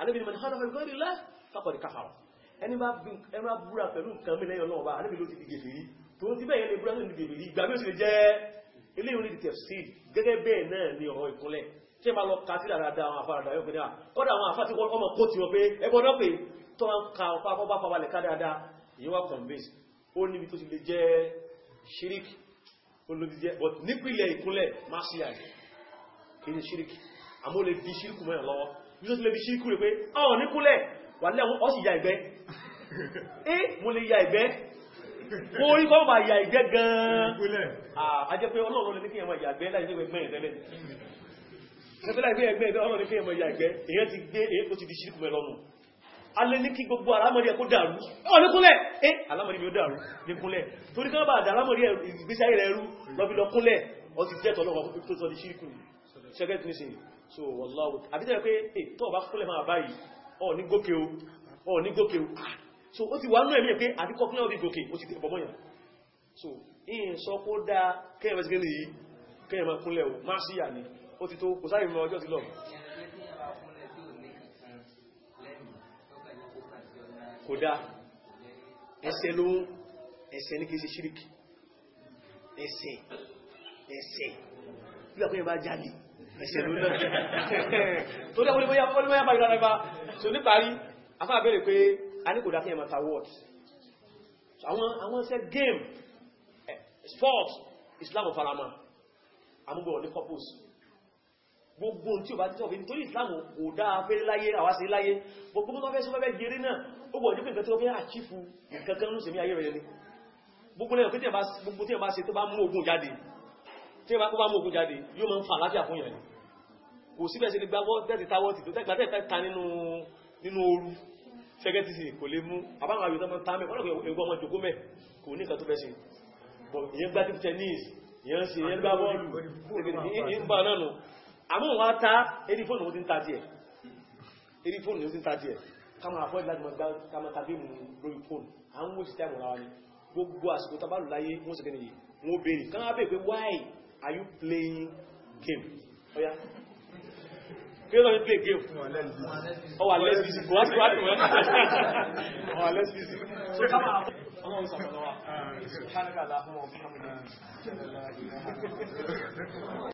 alẹ́bìn mọ̀ nípa ọ̀fẹ́ gọ́rí lẹ́ fàkọ̀dì káfàrọ̀ ẹni bá búra pẹ̀lú gami lẹ́yàn lọ́ọ̀bá alẹ́bìn ló ti di gèfèrí tó ti bẹ́ẹ̀ lè búra lẹ́yìn gèfèrí ìgbà bí ó sì lè jẹ́ ilé ìwé ti tẹ̀sí gẹ́gẹ́ bẹ́ẹ̀ náà ni ọ̀rọ̀ ìkúnlẹ̀ tí ma lọ ka sí dáadáa àwọn afárá dáyọ́ pé dáa kọ́dà àwọn afá tí wọ́n ọmọ kó ti wọ́n pé ẹgbọ́n náà pé tó ń ka ọ̀pá ọba pàwàlẹ̀ ká dáadáa èyí wá convince ó níbi tó ti lè jẹ́ ṣíríkì olóbíjẹ́ but nípìlẹ̀ ìkúnlẹ̀ má sí àyè kéde ṣíríkì àmọ́ lè fi ṣíríkù mẹ́rin lọ́wọ́ bí ó ti lè fi ṣíríkù rẹ̀ pé ọ̀ nípìlẹ̀ wà lẹ́ ọ sì ya ìgbẹ́ eh mo lè ya ìgbẹ́ mo rí kọ́ bá ya ìgbẹ́ gan-an a jẹ́ pé ọlọ́run lè ní kí ẹmọ ya ìgbẹ́ láì nígbẹ̀ gbẹ́rin tẹ́lẹ̀ ẹgbẹ́ láì gbẹ́ ẹgbẹ́ ọlọ́run ní kí ẹmọ ya ìgbẹ́ èyàn ti gbé alẹ́ ní kí gbogbo alámọ̀rí ẹ̀kọ́ dàrú ọ̀lẹ́kúnlẹ̀ eh alámọ̀rí mi ó dàrú níkúnlẹ̀ torí kan bá àdá alámọ̀rí ìgbésí ayé rẹ̀ rú lọ́bí lọ́kúnlẹ̀ ọtí tẹ́tọ̀ lọ́wọ́ tó sọ di ṣíríkù ṣẹ́gẹ́tì ní sin so wallahu àbíjẹ́ pé eh, tọ́ bá kúnlẹ̀ máa báyìí ọ̀ ní gòkè o ọ̀ ní ah, so ó ti wà nú ẹ̀mí pé àbíkọ́ kúnlẹ̀ ó di gòkè ó ti tẹ̀ so ìyìn sọ kó dáa kẹ́yẹ̀ bẹ́sẹ̀ kẹ́yẹ̀ máa kúnlẹ̀ o máa síyà ni ó ti tó kò sáyìn mọ́ kò dá ẹ̀ṣẹ̀ ló ń ẹ̀ṣẹ̀ ní kìí ṣe ṣíríkì ẹ̀ṣẹ̀ ẹ̀ṣẹ̀ bí àkúnyẹ bá jáde ẹ̀ṣẹ̀ ló náà tó dá wọlébóyá fọ́lébóyá bá ìlànà bá so níparí afá bẹ̀rẹ̀ pé a ní kò dá kí ẹmọ ta wọ́t àwọn ẹ̀ṣẹ̀ game eh, sport Islam farama amúgbọ̀n ní purpose gbogbo tí ò bá títọ̀ fi nítorí Islam kò dáa fẹ́ láyé àwáṣe láyé gbogbo tó fẹ́ sọ fẹ́ gẹ̀rẹ́ náà ó gbọ́ ìdíkùn ìkẹtọ́ bí i àchífù kankan ló sì ní ayé rẹ̀ ní gbogbo lẹ́yìn pé tí ẹ bá ṣe tó bá mú ogun jáde tí ẹ bá mú ogun jáde yóò máa ń fa àlàáfíà fún yẹn kò sí bẹ́ẹ̀ sí lè gbàgbọ́ tẹ́ẹ̀tì táwọ́ ti tó tẹ́ẹ̀tì ta nínú ooru fẹ́gẹ́ ti sì kò lè mú àbáwọn àyò tọ́mọ tá mẹ́wọ́n lọ́pọ̀ ẹgbọ́ ọmọ jòkó mẹ́ kò ní ìkan tó fẹ́ ṣe bọ̀ ìyẹn gbá típ tennis ìyẹn ṣe ìyẹn gbá bọ́ọ̀lù ìgbà náà nù àmọ́ wọn á ta erifóònù ó ti ń ta tiẹ̀ kama avoid láti mọ̀ kama tàbí lórí fóònù à ń wéṣì tẹ́mù ra gbogbo àsìkò tàbá láyé wọ́n sì gẹ́nìyàn wọ́n bèèrè kan bèèrè pé why are you playing game ọya kí ló ń play game ọwà lẹ́sìsì kò wáṣíkò wáṣíkò wọ́n ọwà lẹ́sìsì